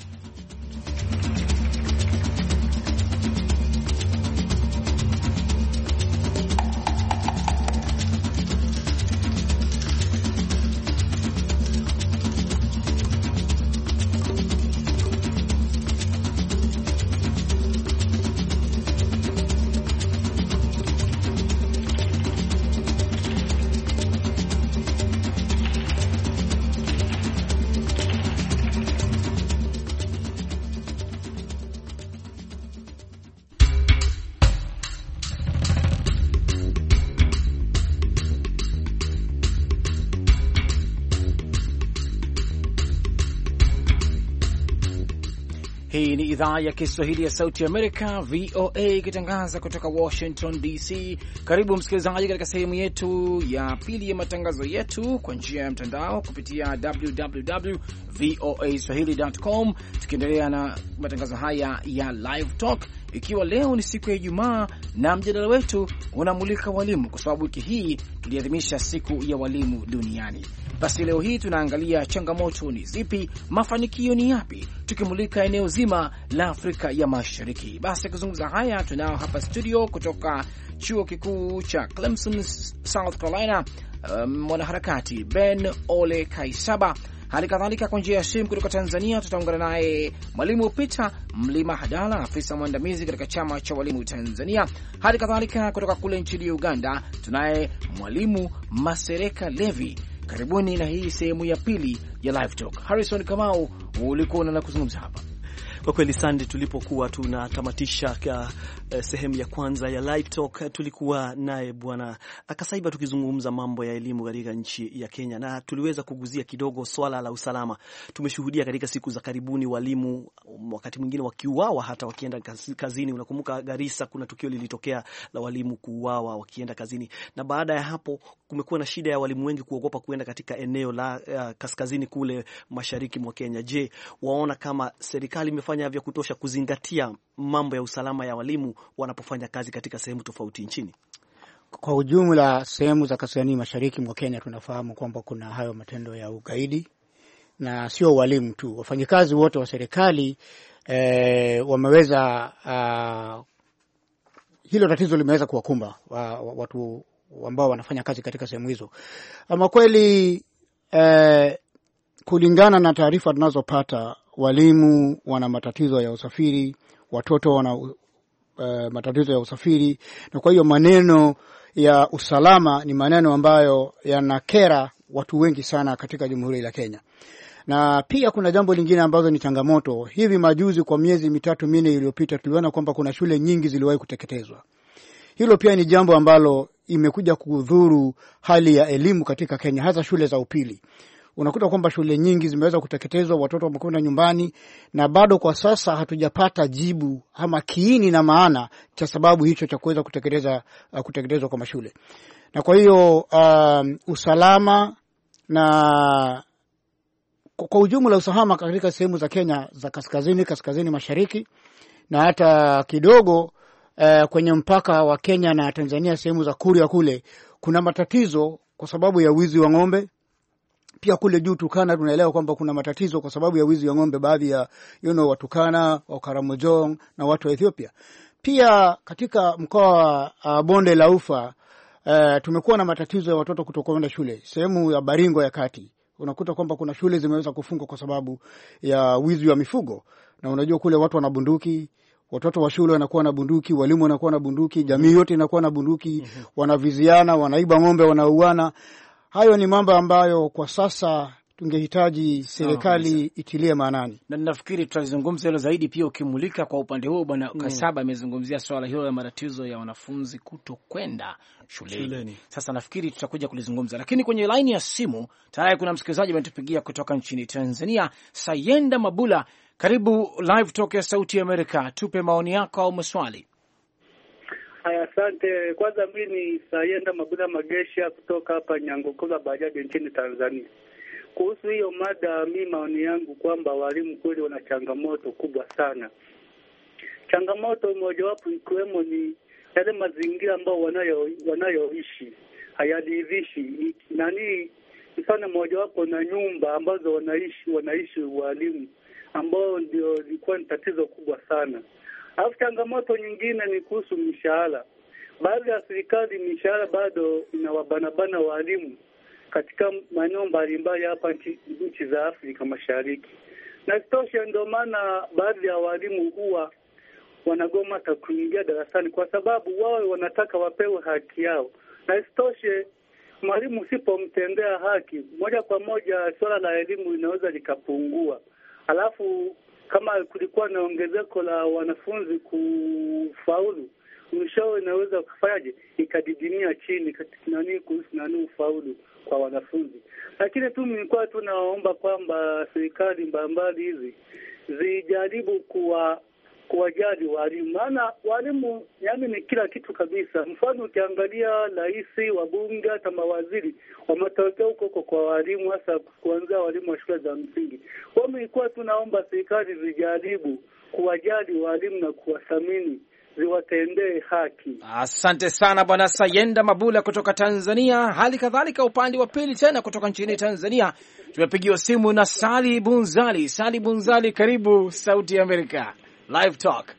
Hii ni idhaa ya Kiswahili ya Sauti Amerika, VOA, ikitangaza kutoka Washington DC. Karibu msikilizaji, katika sehemu yetu ya pili ya matangazo yetu kwa njia ya mtandao kupitia www voa swahili.com, tukiendelea na matangazo haya ya Live Talk ikiwa leo ni siku ya Ijumaa na mjadala wetu unamulika walimu, kwa sababu wiki hii tuliadhimisha siku ya walimu duniani. Basi leo hii tunaangalia changamoto ni zipi, mafanikio ni yapi, tukimulika eneo zima la Afrika ya Mashariki. Basi kuzungumza haya tunao hapa studio kutoka chuo kikuu cha Clemson, South Carolina, um, mwanaharakati um, Ben Ole Kaisaba Hali kadhalika kwa njia ya simu kutoka Tanzania tutaungana naye Mwalimu Peter Mlima Hadala, afisa mwandamizi katika chama cha walimu Tanzania. Hali kadhalika kutoka kule nchini Uganda tunaye Mwalimu Masereka Levi. Karibuni na hii sehemu ya pili ya Live Talk. Harrison Kamau, ulikuwa na kuzungumza hapa kwa kweli Sande, tulipokuwa tunatamatisha uh, eh, sehemu ya kwanza ya Live Talk eh, tulikuwa naye Bwana Akasaiba tukizungumza mambo ya elimu katika nchi ya Kenya, na tuliweza kuguzia kidogo swala la usalama. Tumeshuhudia katika siku za karibuni walimu um, wakati mwingine wakiuawa hata wakienda kazini. Unakumbuka Garissa kuna tukio lilitokea la walimu kuuawa wakienda kazini, na baada ya hapo kumekuwa na shida ya walimu wengi kuogopa kuenda katika eneo la uh, kaskazini kule mashariki mwa Kenya. Je, waona kama serikali wanafanya vya kutosha kuzingatia mambo ya usalama ya walimu wanapofanya kazi katika sehemu tofauti nchini? Kwa ujumla, sehemu za kaskazini mashariki mwa Kenya tunafahamu kwamba kuna hayo matendo ya ugaidi, na sio walimu tu, wafanyikazi wote wa serikali eh, wameweza uh, hilo tatizo limeweza kuwakumba wa, wa, watu ambao wanafanya kazi katika sehemu hizo. Ama kweli eh, kulingana na taarifa tunazopata walimu wana matatizo ya usafiri, watoto wana uh, matatizo ya usafiri, na kwa hiyo maneno ya usalama ni maneno ambayo yanakera watu wengi sana katika Jamhuri la Kenya. Na pia kuna jambo lingine ambazo ni changamoto. Hivi majuzi kwa miezi mitatu minne iliyopita, tuliona kwamba kuna shule nyingi ziliwahi kuteketezwa. Hilo pia ni jambo ambalo imekuja kudhuru hali ya elimu katika Kenya, hasa shule za upili unakuta kwamba shule nyingi zimeweza kuteketezwa, watoto wamekwenda nyumbani, na bado kwa sasa hatujapata jibu ama kiini na maana cha sababu hicho cha kuweza kuteketeza uh, kwa mashule. Na kwa hiyo um, usalama na kwa ujumla usalama katika sehemu za Kenya za kaskazini, kaskazini mashariki na hata kidogo uh, kwenye mpaka wa Kenya na Tanzania, sehemu za Kuria kule kuna matatizo kwa sababu ya wizi wa ng'ombe pia kule juu Tukana tunaelewa kwamba kuna matatizo kwa sababu ya wizi wa ng'ombe, baadhi ya you know, Watukana wa Karamojong na watu wa Ethiopia. Pia katika mkoa wa uh, bonde la Ufa uh, tumekuwa na matatizo ya watoto kutokwenda shule sehemu ya Baringo ya kati unakuta kwamba kuna shule zimeweza kufungwa kwa sababu ya wizi wa mifugo, na unajua kule watu wana bunduki, watoto wa shule wanakuwa na bunduki, walimu wanakuwa na bunduki, jamii yote inakuwa na bunduki, mhm. wanaviziana, wanaiba ng'ombe, wanauana. Hayo ni mambo ambayo kwa sasa tungehitaji serikali no, itilie maanani, na nafikiri tutazungumza hilo zaidi pia. Ukimulika kwa upande huo, bwana mm. Kasaba amezungumzia mm, swala hilo la matatizo ya wanafunzi kutokwenda shuleni. shule. sasa nafikiri tutakuja kulizungumza, lakini kwenye laini ya simu tayari kuna msikilizaji ametupigia kutoka nchini Tanzania. Sayenda Mabula, karibu Live Talk ya Sauti ya Amerika, tupe maoni yako au maswali. Haya, asante. Kwanza mi ni Sayenda Mabula Magesha kutoka hapa Nyangokola Bajaji nchini Tanzania. Kuhusu hiyo mada, mi maoni yangu kwamba walimu kweli wana changamoto kubwa sana. Changamoto mojawapo ikiwemo ni yale mazingira ambayo wanayo wanayoishi hayaliridhishi. Nani mfano mojawapo na nyumba ambazo wanaishi wanaishi walimu, ambao ndio ilikuwa ni tatizo kubwa sana Alafu changamoto nyingine ni kuhusu mishahara. Baadhi ya serikali mishahara bado inawabanabana walimu katika maeneo mbalimbali hapa nchi za Afrika Mashariki, na isitoshe, ndio maana baadhi ya waalimu huwa wanagoma hata kuingia darasani, kwa sababu wao wanataka wapewe haki yao. Na isitoshe, mwalimu usipomtendea haki moja kwa moja, swala la elimu linaweza likapungua. Alafu kama kulikuwa na ongezeko la wanafunzi kufaulu, mwishowe inaweza kufanyaje, ikadidimia chini katika nani, kuhusu nani ufaulu kwa wanafunzi. Lakini tu nilikuwa tu naomba kwamba serikali mbalimbali hizi zijaribu kuwa kuwajali walimu, maana walimu yani ni kila kitu kabisa. Mfano, ukiangalia rais, wabunge, hata mawaziri wametokea huko huko kwa walimu, hasa kuanzia walimu wa shule za msingi. Kwa hiyo ilikuwa tunaomba serikali zijaribu kuwajali walimu na kuwathamini, ziwatendee haki. Asante sana Bwana Sayenda Mabula kutoka Tanzania. Hali kadhalika upande wa pili tena kutoka nchini Tanzania tumepigiwa simu na Sali Bunzali. Sali Bunzali, karibu Sauti ya Amerika live talk.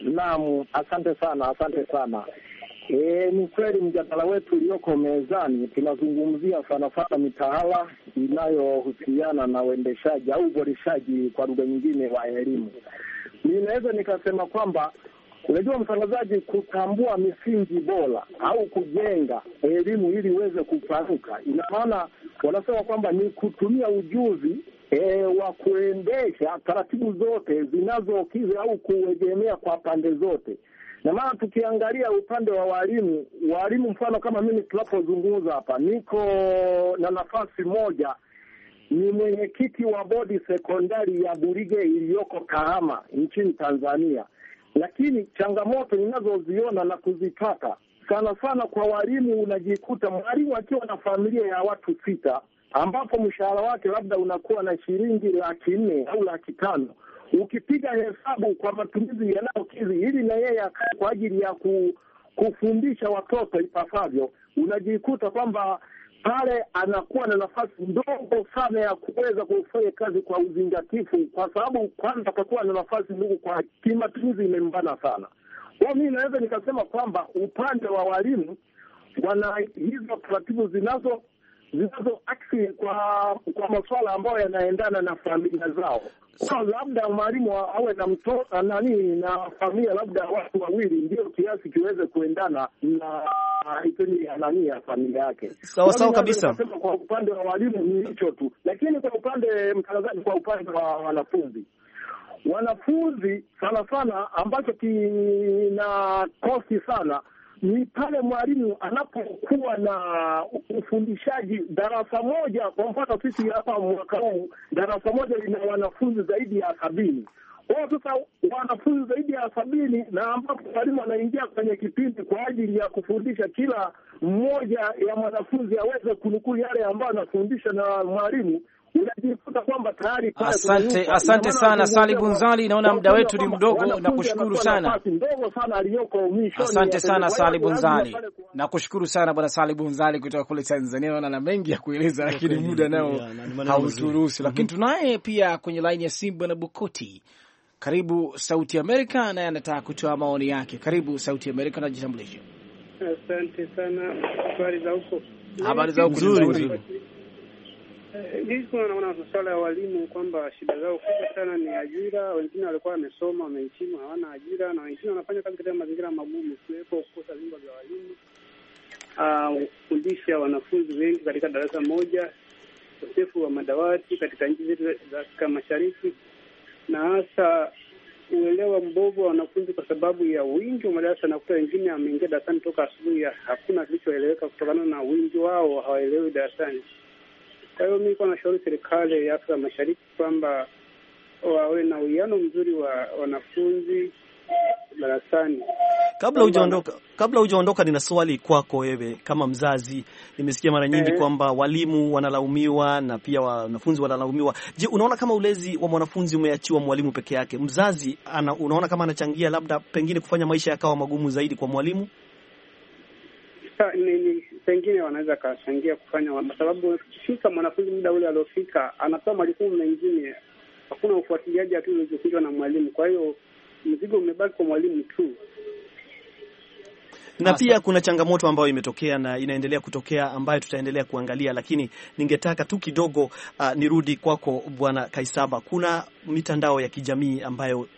Naam, asante sana, asante sana. E, ni kweli mjadala wetu ulioko mezani tunazungumzia sana sana mitaala inayohusiana na uendeshaji au uboreshaji kwa lugha nyingine wa elimu. Ninaweza nikasema kwamba unajua, mtangazaji, kutambua misingi bora au kujenga elimu ili iweze kupanuka, ina maana wanasema kwamba ni kutumia ujuzi e, wa kuendesha taratibu zote zinazokiza au kuegemea kwa pande zote na maana tukiangalia upande wa walimu, walimu mfano kama mimi tunapozungumza hapa, niko na nafasi moja, ni mwenyekiti wa bodi sekondari ya Burige iliyoko Kahama nchini Tanzania. Lakini changamoto ninazoziona na kuzipata sana sana kwa walimu, unajikuta mwalimu akiwa na familia ya watu sita ambapo mshahara wake labda unakuwa na shilingi laki nne au laki tano ukipiga hesabu kwa matumizi yanayokizi ili na yeye akae kwa ajili ya ku, kufundisha watoto ipasavyo, unajikuta kwamba pale anakuwa na nafasi ndogo sana ya kuweza kufanya kazi kwa uzingatifu, kwa sababu kwanza atakuwa na nafasi ndogo, kwa kimatumizi imembana sana. Kwa mi naweza nikasema kwamba upande wa walimu wana hizo taratibu zinazo zinazoaksi kwa kwa masuala ambayo yanaendana na familia zao. Kwa labda mwalimu awe na mto, nani na familia labda watu wawili, ndio kiasi kiweze kuendana na iteni ya nani ya familia yake. Sawa sawa kabisa. Kwa upande wa walimu ni hicho tu, lakini kwa upande mtangazaji, kwa upande wa wanafunzi wanafunzi sana sana ambacho kina kosi sana ni pale mwalimu anapokuwa na ufundishaji darasa moja. Kwa mfano sisi hapa mwaka huu darasa moja lina wanafunzi zaidi ya sabini wao sasa wanafunzi zaidi ya sabini na ambapo mwalimu anaingia kwenye kipindi kwa ajili ya kufundisha, kila mmoja ya mwanafunzi aweze kunukuu yale ambayo anafundisha na mwalimu. Asante, asante sana Sali Bunzali, naona muda wetu ni mdogo, nakushukuru sana, asante sana Sali Bunzali, nakushukuru sana bwana Sali Bunzali kutoka kule Tanzania. Naona na mengi ya kueleza, lakini muda nao hauturuhusu, mhm. lakini tunaye pia kwenye laini ya simu bwana Bukoti. Karibu Sauti Amerika, naye anataka kutoa maoni yake. Karibu Sauti Amerika, najitambulisha. Asante sana. Habari za huko? Habari za huko nzuri. Hizo eh, naona masuala ya walimu kwamba shida zao kubwa sana ni ajira. Wengine walikuwa wamesoma wamehitimu, hawana ajira, na wengine wanafanya kazi katika mazingira magumu, ikiwepo kukosa vyumba vya walimu, kufundisha ah, uh, wanafunzi wengi katika darasa moja, ukosefu wa madawati katika nchi zetu za Afrika Mashariki, na hasa uelewa mbovu wa wanafunzi kwa sababu ya wingi wa madarasa. Nakuta wengine ameingia darasani toka asubuhi, hakuna kilichoeleweka kutokana na wingi wao, hawaelewi darasani. Kwa hiyo mi nashauri serikali ya Afrika Mashariki kwamba wawe na uwiano mzuri wa wanafunzi darasani. Kabla hujaondoka kabla hujaondoka, nina swali kwako wewe kama mzazi. Nimesikia mara nyingi eh. kwamba walimu wanalaumiwa na pia wanafunzi wanalaumiwa. Je, unaona kama ulezi wa mwanafunzi umeachiwa mwalimu peke yake? Mzazi ana, unaona kama anachangia labda pengine kufanya maisha yakawa magumu zaidi kwa mwalimu? ni, ni pengine wanaweza akachangia kufanya, kwa sababu kifika mwanafunzi muda ule aliofika anapewa majukumu mengine, hakuna ufuatiliaji hatua zilizokuja na mwalimu. Kwa hiyo mzigo umebaki kwa mwalimu tu na pia kuna changamoto ambayo imetokea na inaendelea kutokea ambayo tutaendelea kuangalia, lakini ningetaka tu kidogo uh, nirudi kwako Bwana Kaisaba. Kuna mitandao ya kijamii ambayo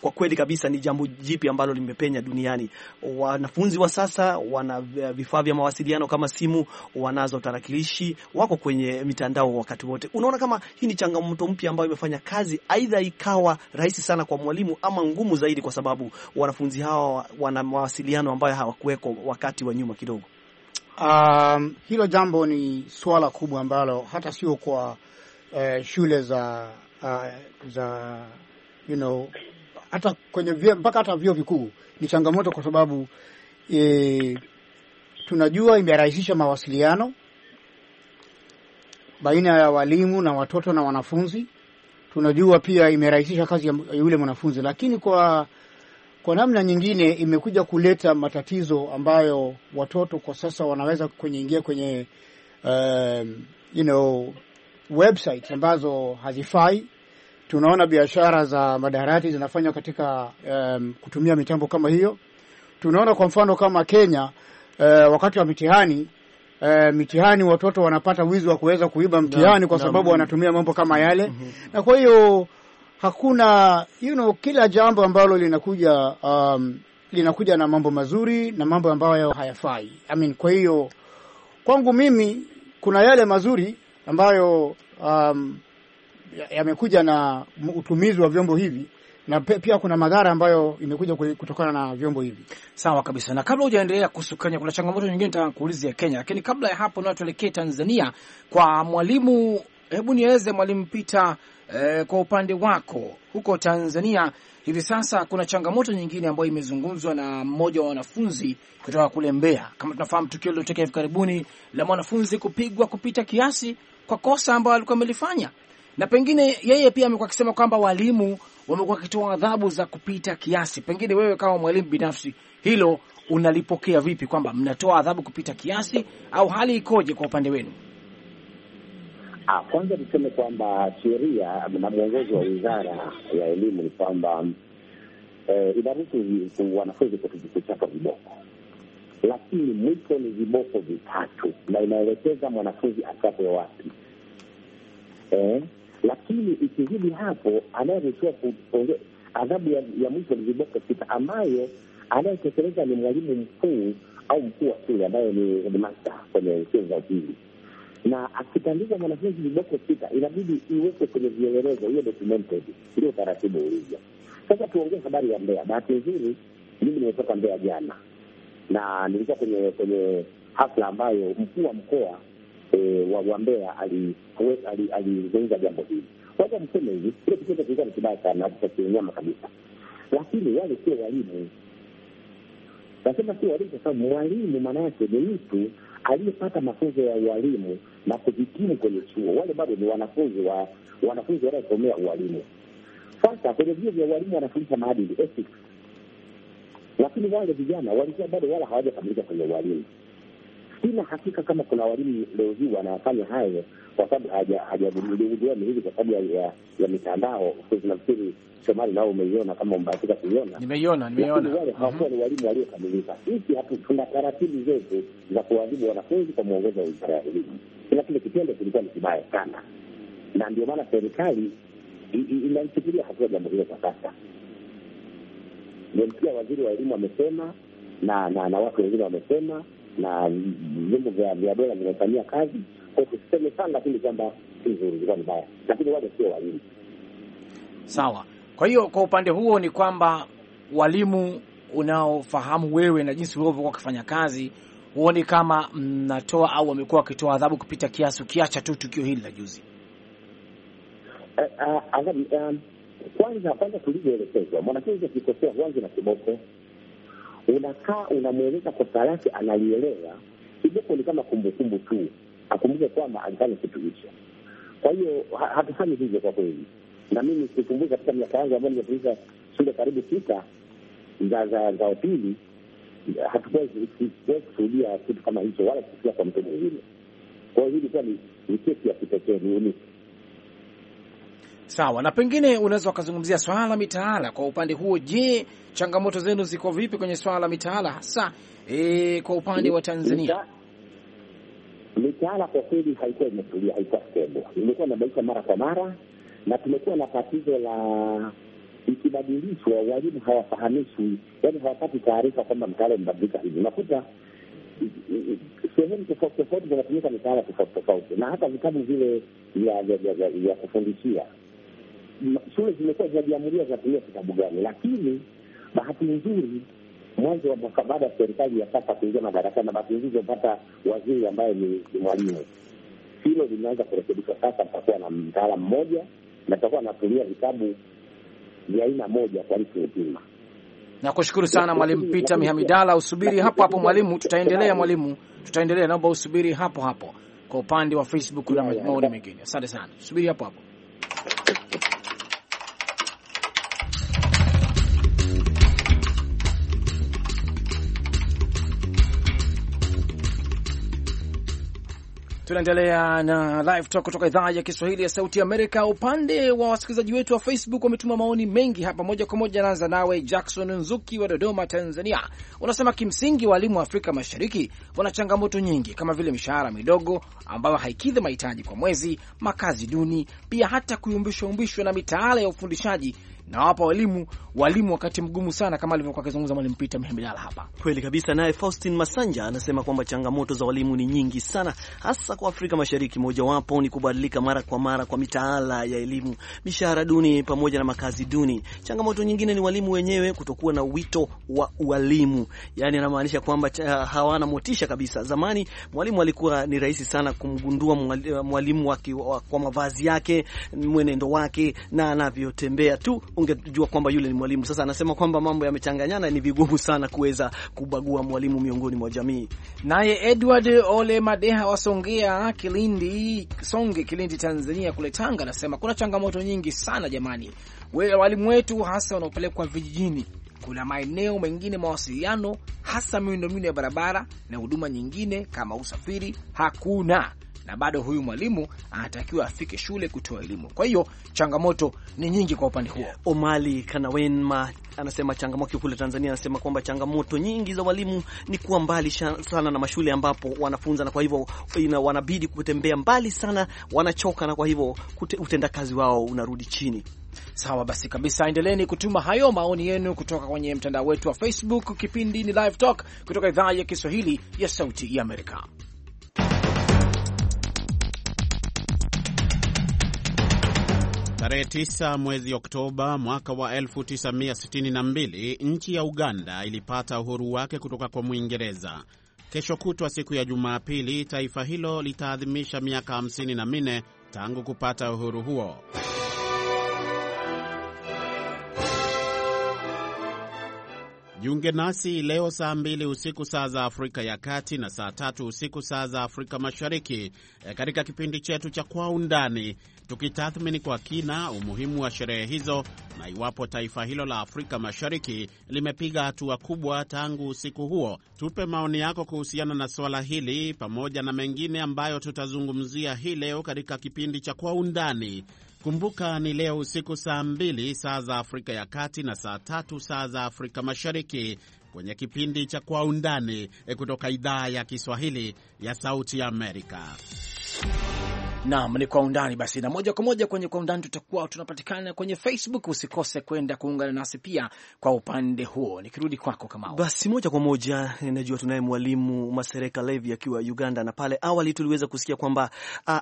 kwa kweli kabisa ni jambo jipi ambalo limepenya duniani. Wanafunzi wa sasa wana eh, vifaa vya mawasiliano kama simu, wanazo tarakilishi, wako kwenye mitandao wakati wote. Unaona kama hii ni changamoto mpya ambayo imefanya kazi aidha ikawa rahisi sana kwa mwalimu ama ngumu zaidi, kwa sababu wanafunzi hawa wana mawasiliano ambayo hawakuweko wakati wa nyuma kidogo. Um, hilo jambo ni suala kubwa ambalo hata sio kwa eh, shule za uh, za you know hata kwenye vye, mpaka hata vyuo vikuu ni changamoto, kwa sababu e, tunajua imerahisisha mawasiliano baina ya walimu na watoto na wanafunzi. Tunajua pia imerahisisha kazi ya yule mwanafunzi, lakini kwa kwa namna nyingine imekuja kuleta matatizo ambayo watoto kwa sasa wanaweza kuingia kwenye um, you know, website ambazo hazifai Tunaona biashara za madarati zinafanywa katika um, kutumia mitambo kama hiyo. Tunaona kwa mfano kama Kenya uh, wakati wa mitihani Uh, mitihani watoto wanapata wizi wa kuweza kuiba mtihani kwa sababu wanatumia mambo kama yale. mm -hmm. Na kwa hiyo hakuna you know, kila jambo ambalo linakuja um, linakuja na mambo mazuri na mambo ambayo hayafai. I mean, kwa hiyo kwangu mimi kuna yale mazuri ambayo um, yamekuja na utumizi wa vyombo hivi na pia kuna madhara ambayo imekuja kutokana na vyombo hivi. Sawa kabisa. Na kabla hujaendelea kuhusu Kenya, kuna changamoto nyingine nataka kuulizia Kenya, lakini kabla ya hapo nayo tuelekee Tanzania kwa mwalimu. Hebu nieleze mwalimu Peter, eh, kwa upande wako huko Tanzania hivi sasa kuna changamoto nyingine ambayo imezungumzwa na mmoja wa wanafunzi kutoka kule Mbeya. Kama tunafahamu tukio lilotokea hivi karibuni la mwanafunzi kupigwa kupita kiasi kwa kosa ambalo alikuwa amelifanya na pengine yeye pia amekuwa akisema kwamba walimu wamekuwa wakitoa adhabu za kupita kiasi. Pengine wewe kama mwalimu binafsi, hilo unalipokea vipi, kwamba mnatoa adhabu kupita kiasi au hali ikoje kwa upande wenu? Ah, kwanza tuseme kwamba sheria na mwongozo wa Wizara ya Elimu ni kwamba eh, inaruhusu wanafunzi kuchapa viboko, lakini mwiko ni viboko vitatu, na inaelekeza mwanafunzi achape wapi. Eh, lakini ikizidi hapo, anayeruhusiwa adhabu ya, ya mwisho ni viboko sita, ambayo anayetekeleza ni mwalimu mkuu au mkuu wa shule ambayo ni headmaster kwenye shule za upili, na akitandiza mwanafunzi viboko sita inabidi iwekwe kwenye vielelezo, hiyo documented, ndio utaratibu ulivyo. Sasa tuongee habari ya Mbeya. Bahati nzuri mimi nimetoka Mbeya jana na nilikuwa kwenye kwenye hafla ambayo mkuu wa mkoa e, wa wagombea alizungumza jambo hili. Kwanza niseme hivi, kile kitendo kilikuwa ni kibaya sana cha kinyama kabisa, lakini wale sio walimu. Nasema sio walimu kwa sababu mwalimu maana yake ni mtu aliyepata mafunzo ya ualimu na kuhitimu kwenye chuo. Wale bado ni wanafunzi wa wanafunzi wanaosomea ualimu. Sasa kwenye vio vya ualimu wanafundisha maadili ethics, lakini wale vijana walikuwa bado wala hawajakamilika kwenye ualimu. Sina hakika kama kuna walimu leo hii wanafanya hayo, kwa sababu ni hivi, kwa sababu ya ya mitandao. Nafikiri Shomari nao umeiona, kama umebahatika kuiona. Nimeiona, nimeiona. Wale hawakuwa mhm. ni walimu waliokamilika. Sisi hapo tuna taratibu zetu za kuwaadhibu wanafunzi kwa mwongozo wa wizara ya elimu, ila kile kitendo kilikuwa ni kibaya sana, na ndio maana serikali inaichukulia hatua jambo hilo kwa sasa. pia waziri wa elimu amesema na na watu wengine wamesema na vyombo vya dola vinafanyia kazi hiyo Tusiseme sana, lakini kwamba si nzuri, ilikuwa ni mbaya, lakini wale sio walimu. Sawa. Kwa hiyo kwa upande huo ni kwamba walimu unaofahamu wewe na jinsi ulivyokuwa ukifanya kazi, huoni kama mnatoa au wamekuwa wakitoa adhabu kupita kiasi, ukiacha tu tukio hili la juzi? Eh, ah, ah, ah, kwanza kwanza, tulivyoelekezwa, mwanafunzi akikosea huanze na kiboko unakaa unamweleza kosa lake, analielewa. kidogo, ni kama kumbukumbu tu, akumbuke kwamba alifanya kitu hicho. Kwa hiyo hatufanyi hivyo kwa kweli, na mimi sikumbuki katika miaka yangu ambayo nimetumiza shule karibu sita za za za upili, hatuwezi kushuhudia kitu kama hicho, wala kusikia kwa mtu mwingine. Kwa hiyo hii ni kesi ya kipekee, ni unifu Sawa, na pengine unaweza ukazungumzia swala la mitaala kwa upande huo. Je, changamoto zenu ziko vipi kwenye swala la mitaala hasa e, kwa upande wa Tanzania? Mitaala kwa kweli haikuwa imetulia, haikuwa stable, imekuwa inabadilishwa mara kwa mara, na tumekuwa na tatizo la ikibadilishwa, walimu hawafahamishwi, yaani hawapati taarifa kwamba mtaala umebadilika hivi. Unakuta sehemu tofauti tofauti zinatumika mitaala tofauti tofauti, na hata vitabu vile vya kufundishia shule zimekuwa zinajiamulia zinatumia kitabu gani, lakini bahati nzuri mwanzo wa mwaka baada ya serikali ya sasa kuingia madarakani, na bahati nzuri zimepata waziri ambaye ni Mwalimu. Hilo limeanza kurekebishwa sasa, tutakuwa na mtaala mmoja na tutakuwa natumia vitabu vya aina moja kwa nchi nzima. Nakushukuru sana Mwalimu Pita Mihamidala. Usubiri hapo hapo mwalimu, tutaendelea mwalimu, tutaendelea. Naomba usubiri hapo hapo kwa upande wa Facebook na maoni mengine. Asante sana, subiri hapo hapo. Tunaendelea na live talk kutoka idhaa ya Kiswahili ya Sauti Amerika. Upande wa wasikilizaji wetu wa Facebook wametuma maoni mengi hapa. Moja kwa moja naanza nawe Jackson Nzuki wa Dodoma, Tanzania. Unasema kimsingi waalimu wa Afrika Mashariki wana changamoto nyingi kama vile mishahara midogo ambayo haikidhi mahitaji kwa mwezi, makazi duni, pia hata kuyumbishwaumbishwa na mitaala ya ufundishaji nawapa walimu walimu wakati mgumu sana, kama alivyokuwa akizungumza mwalimu Peter Mhembedala hapa. Kweli kabisa. Naye Faustin Masanja anasema kwamba changamoto za walimu ni nyingi sana, hasa kwa Afrika Mashariki. Mojawapo ni kubadilika mara kwa mara kwa mitaala ya elimu, mishahara duni pamoja na makazi duni. Changamoto nyingine ni walimu wenyewe kutokuwa na wito wa ualimu, yani anamaanisha kwamba hawana motisha kabisa. Zamani mwalimu alikuwa ni rahisi sana kumgundua mwalimu wake kwa mavazi yake, mwenendo wake na anavyotembea tu ungejua kwamba yule ni mwalimu. Sasa anasema kwamba mambo yamechanganyana, ni vigumu sana kuweza kubagua mwalimu miongoni mwa jamii. Naye Edward Ole Madeha wasongea Kilindi, Songe Kilindi, Tanzania kule Tanga, anasema kuna changamoto nyingi sana jamani, walimu wetu hasa wanaopelekwa vijijini kuna maeneo mengine mawasiliano, hasa miundombinu ya barabara na huduma nyingine kama usafiri hakuna na bado huyu mwalimu anatakiwa afike shule kutoa elimu. Kwa hiyo changamoto ni nyingi kwa upande huo. Omali Kanawenma anasema changamoto kule Tanzania, anasema kwamba changamoto nyingi za walimu ni kuwa mbali sana na mashule ambapo wanafunza, na kwa hivyo wanabidi kutembea mbali sana, wanachoka, na kwa hivyo utendakazi wao unarudi chini. Sawa basi kabisa, endeleeni kutuma hayo maoni yenu kutoka kwenye mtandao wetu wa Facebook. Kipindi ni Live Talk kutoka idhaa ya Kiswahili ya Sauti ya Amerika. Tarehe 9 mwezi Oktoba mwaka wa 1962 nchi ya Uganda ilipata uhuru wake kutoka kwa Mwingereza. Kesho kutwa, siku ya Jumapili, taifa hilo litaadhimisha miaka 54 tangu kupata uhuru huo. Jiunge nasi leo saa mbili usiku saa za Afrika ya Kati na saa tatu usiku saa za Afrika Mashariki e, katika kipindi chetu cha Kwa Undani, tukitathmini kwa kina umuhimu wa sherehe hizo na iwapo taifa hilo la Afrika Mashariki limepiga hatua kubwa tangu usiku huo. Tupe maoni yako kuhusiana na suala hili pamoja na mengine ambayo tutazungumzia hii leo katika kipindi cha Kwa Undani. Kumbuka ni leo usiku saa mbili saa za Afrika ya Kati na saa tatu saa za Afrika Mashariki kwenye kipindi cha Kwa Undani eh, kutoka idhaa ya Kiswahili ya Sauti ya Amerika. Naam, ni kwa undani basi, na moja kwa moja kwenye kwa undani tutakuwa tunapatikana kwenye Facebook. Usikose kwenda kuungana nasi pia kwa upande huo. Nikirudi kwako Kamau, basi moja kwa moja, najua tunaye mwalimu Masereka Levi akiwa Uganda, na pale awali tuliweza kusikia kwamba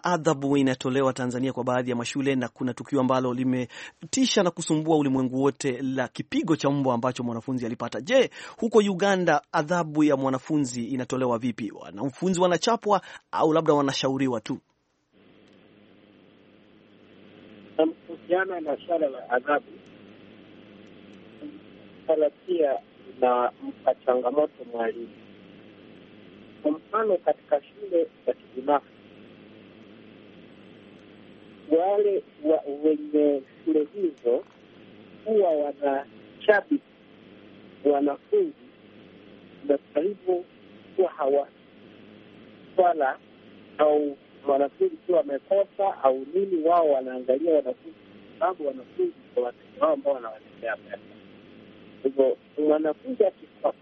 adhabu inatolewa Tanzania kwa baadhi ya mashule, na kuna tukio ambalo limetisha na kusumbua ulimwengu wote la kipigo cha mbwa ambacho mwanafunzi alipata. Je, huko Uganda adhabu ya mwanafunzi inatolewa vipi? Wanafunzi wanachapwa au labda wanashauriwa tu? kuhusiana na suala la adhabu, suala pia linampa changamoto mwalimu. Kwa mfano, katika shule za kibinafsi wale wa wenye shule hizo huwa wanashabiki wanafunzi na karibu kuwa hawa swala au mwanafunzi kiwa amekosa au nini, wao wanaangalia wanafunzi sababu wanafunzi kwa wateja wao ambao wanawalekea pesa. hivyo mwanafunzi akikosa,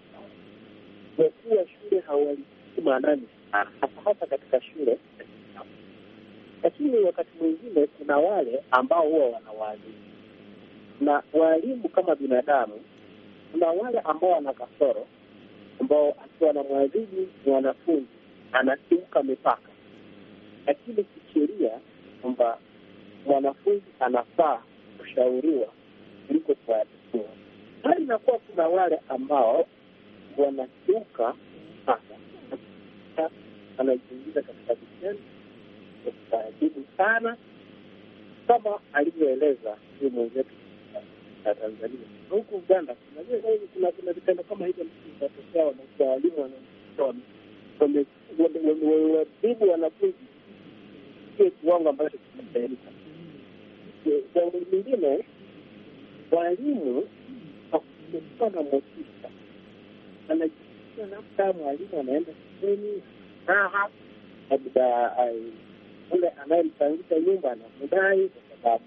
kwa kuwa shule hawalii maanani sana, hasa katika shule. Lakini wakati mwingine kuna wale ambao huwa wana waalimu, na waalimu kama binadamu, kuna wale ambao wana kasoro, ambao akiwa na mwadhibu mwanafunzi anakiuka mipaka, lakini kisheria kwamba mwanafunzi anafaa kushauriwa kuliko kuadhibiwa. Hali inakuwa kuna wale ambao wanakiuka sasa, anajiingiza katika vitendo ajibu sana, kama alivyoeleza huyu mwenzetu a Tanzania na huku Uganda kuna vitendo kama hivyo vinatokea. Wanakuwa walimu wamewajibu wanafunzi sio kiwango ambacho kinastahilika. Jambo lingine, mwalimu akuwa na motisha, anajisikia labda mwalimu anaenda shuleni raha, labda ule anayempangisha nyumba anamudai kwa sababu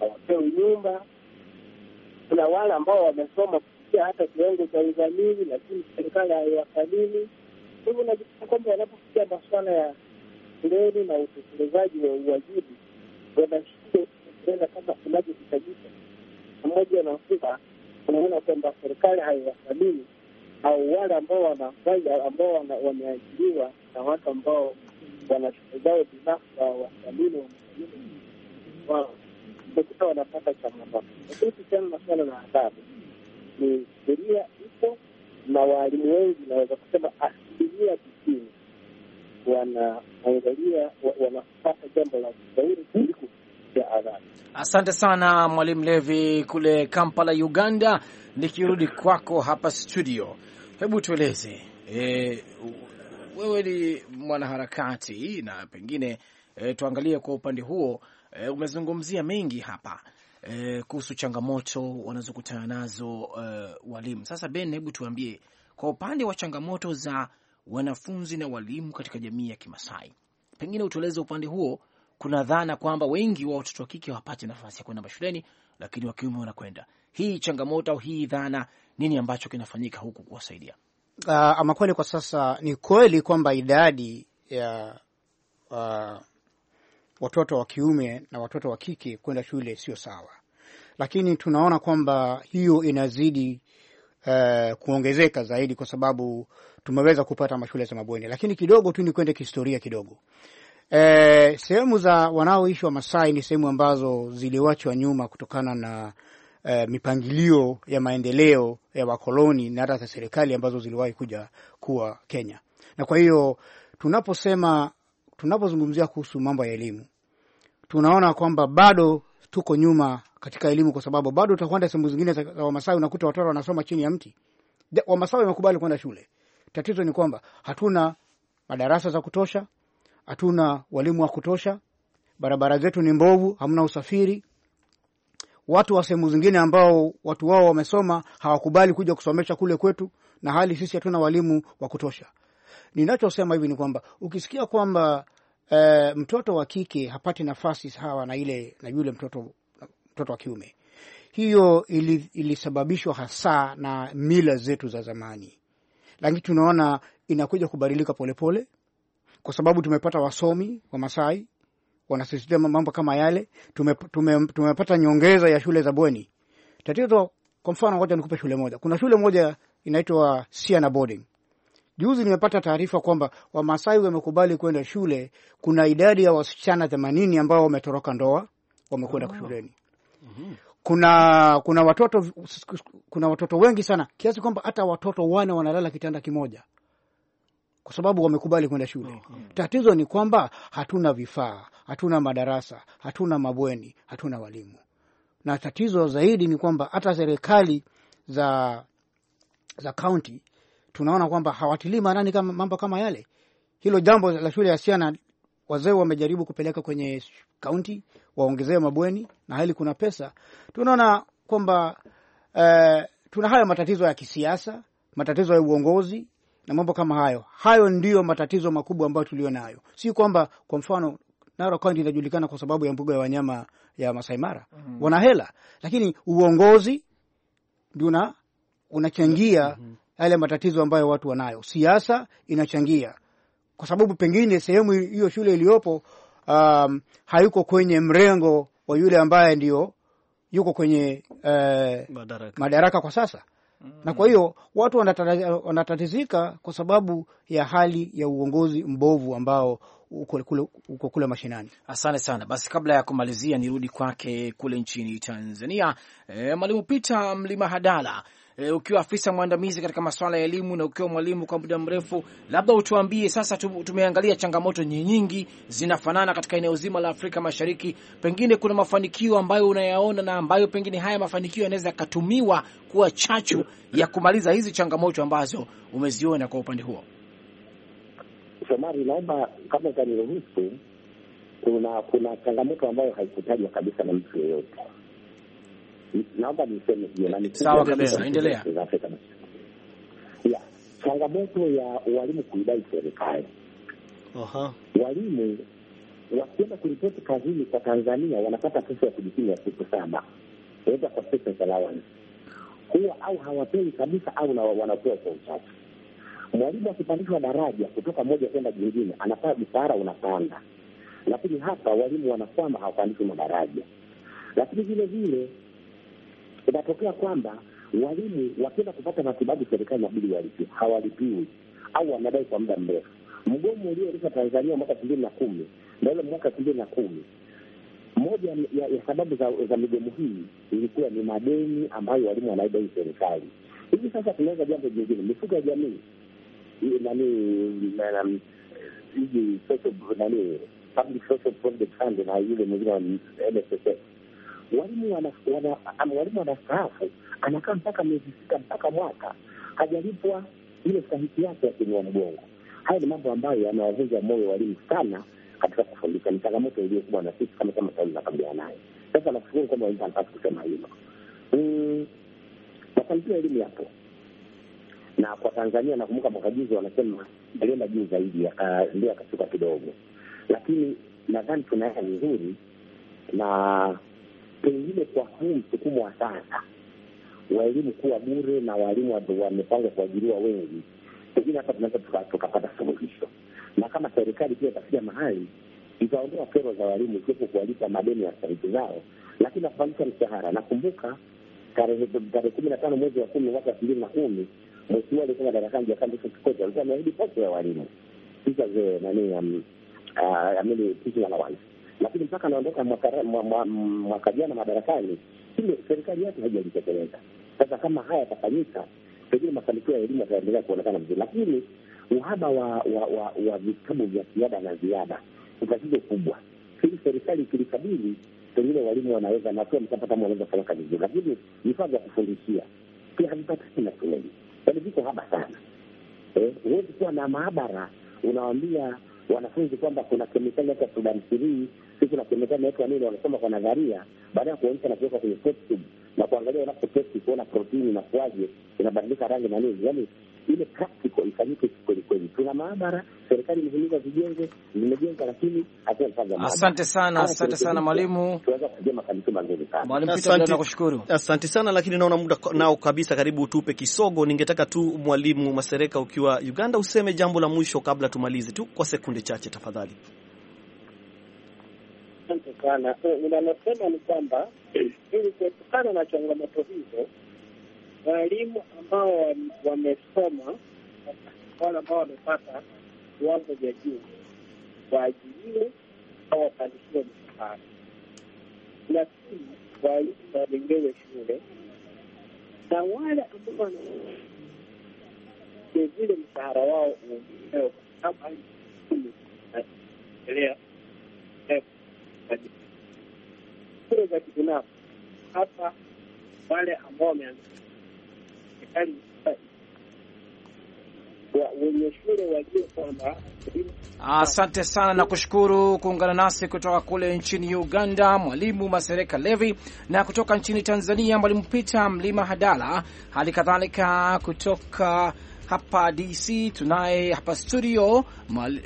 hawapewi nyumba. Kuna wale ambao wamesoma kupitia hata kiwango cha uzamili, lakini serikali haiwafadhili. Kwa hivyo najikuta kwamba wanapofikia masuala ya shuleni na utekelezaji wa uwajibu wana kueleza kama inavyohitajika, pamoja na kuwa unaona kwamba serikali haiwathamini au wale ambao wanafanya ambao wameajiriwa na watu ambao wana shughuli zao binafsi wathamini wamethamini wao wanapata changamoto. Lakini kuhusiana na suala la adhabu, ni sheria ipo na waalimu wengi, naweza kusema asilimia tisini wanaangalia wanapata jambo la kishauri kuliko adhani. Asante sana Mwalimu Levi kule Kampala, Uganda. Nikirudi kwako hapa studio, hebu tueleze e, wewe ni mwanaharakati na pengine e, tuangalie kwa upande huo e, umezungumzia mengi hapa e, kuhusu changamoto wanazokutana nazo e, walimu. Sasa Ben, hebu tuambie kwa upande wa changamoto za wanafunzi na walimu katika jamii ya Kimasai, pengine utueleze upande huo kuna dhana kwamba wengi wa watoto wa kike hawapati nafasi ya kwenda mashuleni, lakini wa kiume wanakwenda. Hii changamoto au hii dhana, nini ambacho kinafanyika huku kuwasaidia? Uh, ama kweli kwa sasa ni kweli kwamba idadi ya uh, watoto wa kiume na watoto wa kike kwenda shule sio sawa, lakini tunaona kwamba hiyo inazidi uh, kuongezeka zaidi kwa sababu tumeweza kupata mashule za mabweni, lakini kidogo tu ni kwenda kihistoria kidogo. E, sehemu za wanaoishi wa Masai ni sehemu ambazo ziliwachwa nyuma kutokana na e, mipangilio ya maendeleo ya wakoloni na hata za serikali ambazo ziliwahi kuja kuwa Kenya. Na kwa hiyo tunaposema, tunapozungumzia kuhusu mambo ya elimu, tunaona kwamba bado tuko nyuma katika elimu, kwa sababu bado utakwenda sehemu zingine za Wamasai unakuta watoto wanasoma chini ya mti. Wamasai wamekubali kwenda shule, tatizo ni kwamba hatuna madarasa za kutosha, hatuna walimu wa kutosha, barabara zetu ni mbovu, hamna usafiri. Watu wa sehemu zingine ambao watu wao wamesoma hawakubali kuja kusomesha kule kwetu, na hali sisi hatuna walimu wa kutosha. Ninachosema hivi ni kwamba ukisikia kwamba e, mtoto wa kike hapati nafasi sawa na ile na yule mtoto, mtoto wa kiume, hiyo ilisababishwa hasa na mila zetu za zamani, lakini tunaona inakuja kubadilika polepole pole kwa sababu tumepata wasomi wa Masai wanasisitiza mambo kama yale. Tume, tume, tumepata nyongeza ya shule za bweni. Tatizo kwa mfano, ngoja nikupe shule moja. Kuna shule moja inaitwa Siana Boarding. Juzi nimepata taarifa kwamba Wamasai wamekubali kwenda shule. Kuna idadi ya wasichana themanini ambao wametoroka ndoa wamekwenda oh, shuleni mhm. Kuna kuna watoto kuna watoto wengi sana kiasi kwamba hata watoto wane wanalala kitanda kimoja kwa sababu wamekubali kwenda shule mm -hmm. Tatizo ni kwamba hatuna vifaa, hatuna madarasa, hatuna mabweni, hatuna walimu, na tatizo zaidi ni kwamba hata serikali za za kaunti tunaona kwamba hawatilii maanani kama mambo kama yale. Hilo jambo la shule ya Siana wazee wamejaribu kupeleka kwenye kaunti waongezee mabweni na hali kuna pesa. Tunaona kwamba eh, tuna hayo matatizo ya kisiasa, matatizo ya uongozi na mambo kama hayo. Hayo ndiyo matatizo makubwa ambayo tulio nayo, si kwamba kwa mfano Narok County inajulikana kwa sababu ya mbuga ya wanyama ya Masai Mara. mm -hmm. Wana hela, lakini uongozi ndio unachangia mhm. yale mm -hmm. matatizo ambayo watu wanayo. Siasa inachangia kwa sababu pengine sehemu hiyo shule iliyopo um, hayuko kwenye mrengo wa yule ambaye ndio yuko kwenye uh, madaraka. madaraka kwa sasa Mm. na kwa hiyo watu wanatatizika kwa sababu ya hali ya uongozi mbovu ambao uko kule, kule mashinani. Asante sana. Basi kabla ya kumalizia, nirudi kwake kule nchini Tanzania. E, Mwalimu Pita Mlima Hadala e, ukiwa afisa mwandamizi katika masuala ya elimu na ukiwa mwalimu kwa muda mrefu, labda utuambie sasa, tumeangalia changamoto nyingi zinafanana katika eneo zima la Afrika Mashariki, pengine kuna mafanikio ambayo unayaona na ambayo pengine haya mafanikio yanaweza yakatumiwa kuwa chachu ya kumaliza hizi changamoto ambazo umeziona kwa upande huo. Shomari, naomba kama utaniruhusu, kuna kuna changamoto ambayo haikutajwa kabisa na mtu yeyote naomba niseme hiyo. Sawa kabisa, endelea. Changamoto ya walimu kuidai serikali. Aha. Walimu wakienda kuripoti kazini kwa Tanzania wanapata pesa ya kujikimu ya siku saba, waweza kwa pesa lawani huwa au hawapewi kabisa au wanapewa kwa uchache. Mwalimu akipandishwa daraja kutoka moja kwenda jingine, anapata mshahara unapanda, lakini hapa walimu wanakwama hawapandishwi madaraja. Lakini vile vile inatokea kwamba walimu wakienda kupata matibabu serikali inabidi walipi hawalipiwi au wanadai kwa muda mrefu. Mgomo ulioendesha Tanzania mwaka elfu mbili na kumi na ule mwaka elfu mbili na kumi moja ya, ya sababu za, za migomo hii ilikuwa ni madeni ambayo walimu wanaidai serikali. Hivi sasa tunaweza jambo jingine, mifuko ya jamii nani hizi nani public social provident fund na yule mwingine wa NSSF wana walimu wana, anakaa mpaka miezi sita mpaka mwaka hajalipwa ile stahiki yake ya kuinua mgongo. Haya ni mambo ambayo yanawavunja moyo walimu sana katika kufundisha. Ni changamoto iliyokubwa na sisi kama chama tawala tunakabiliana nayo. Sasa nakushukuru kwamba wengi anapasi kusema hilo. Mm, mafanikio ya elimu yapo na kwa Tanzania nakumbuka mwaka juzi wanasema alienda juu zaidi, ah, ndio akashuka kidogo, lakini nadhani tunaenda vizuri na pengine kwa huu msukumo wa sasa waelimu kuwa bure na waalimu wamepangwa kuajiriwa wengi, pengine hapa tunaweza tukapata suluhisho, na kama serikali pia itafika mahali itaondoa kero za walimu, ikiwepo kuwalipa madeni ya stahiki zao, lakini nakupandisha mshahara. Nakumbuka tarehe kumi na tano mwezi wa kumi mwaka elfu mbili na kumi mweshimua alikuwa madarakani Jakaya Kikwete alikuwa ameahidi posho ya walimu, zee nani, ah, amini teaching allowance lakini mpaka anaondoka mwaka jana madarakani, ile serikali yake haijalitekeleza. Sasa kama haya yatafanyika, pengine mafanikio ya elimu yataendelea kuonekana vizuri, lakini uhaba wa wa, wa, wa vitabu vya ziada na ziada ni tatizo kubwa. Hili serikali ikilikabili, pengine walimu wanaweza natua mchakato kama wanaweza kufanya kazi vizuri, lakini vifaa vya kufundishia pia havipatiki na shuleni, yaani viko haba sana. Eh, huwezi kuwa na maabara unawambia wanafunzi kwamba kuna kemikali inaitwa Sudan three, si kuna kemikali inaitwa nini, wanasoma kwa nadharia, baada ya kuonyesha na kuweka kwenye test tube na kuangalia wanapo test kuona protini inakuwaje, inabadilika rangi na nini, yaani ile practical ifanyike kweli kweli. Tuna maabara, serikali imehimiza vijenge, zimejenga, lakini hatuna. Asante sana, asante sana mwalimu, tunaweza kujenga kabisa mazuri sana. Mwalimu Peter, nakushukuru, asante sana, lakini naona muda nao kabisa karibu tupe kisogo. Ningetaka tu mwalimu Masereka, ukiwa Uganda, useme jambo la mwisho kabla tumalize tu kwa sekunde chache tafadhali. Asante sana. Eh, ninalosema ni kwamba ili kuepukana na changamoto hizo walimu ambao wamesoma, wale ambao wamepata viwango vya juu waajiriwe au wapandishiwe mshahara. Lakini walimu wajengewe shule na wale ambao wana vilevile mshahara wao uongezewe, kwa sababu shule za kibinafsi hata wale ambao wameanzisha serikali wenye shule wajue kwamba. Asante sana na kushukuru kuungana nasi kutoka kule nchini Uganda, Mwalimu Masereka Levi, na kutoka nchini Tanzania, Mwalimu Pita Mlima Hadala, hali kadhalika kutoka hapa DC tunaye hapa studio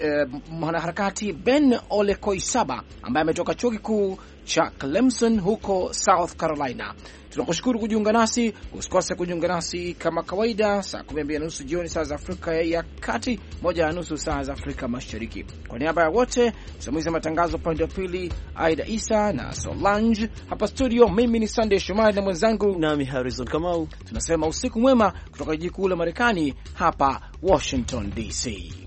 eh, mwanaharakati eh, Ben Ole Koisaba ambaye ametoka chuo kikuu cha Clemson huko South Carolina. Tunakushukuru kujiunga nasi. Usikose kujiunga nasi kama kawaida, saa 12:30 jioni saa za Afrika ya Kati, 1nusu saa za Afrika Mashariki. Kwa niaba ya wote msimamizi wa matangazo upande wa pili Aida Isa na Solange hapa studio, mimi ni Sunday Shomari na mwenzangu nami Harrison Kamau, tunasema usiku mwema kutoka jiji kuu la Marekani hapa Washington DC.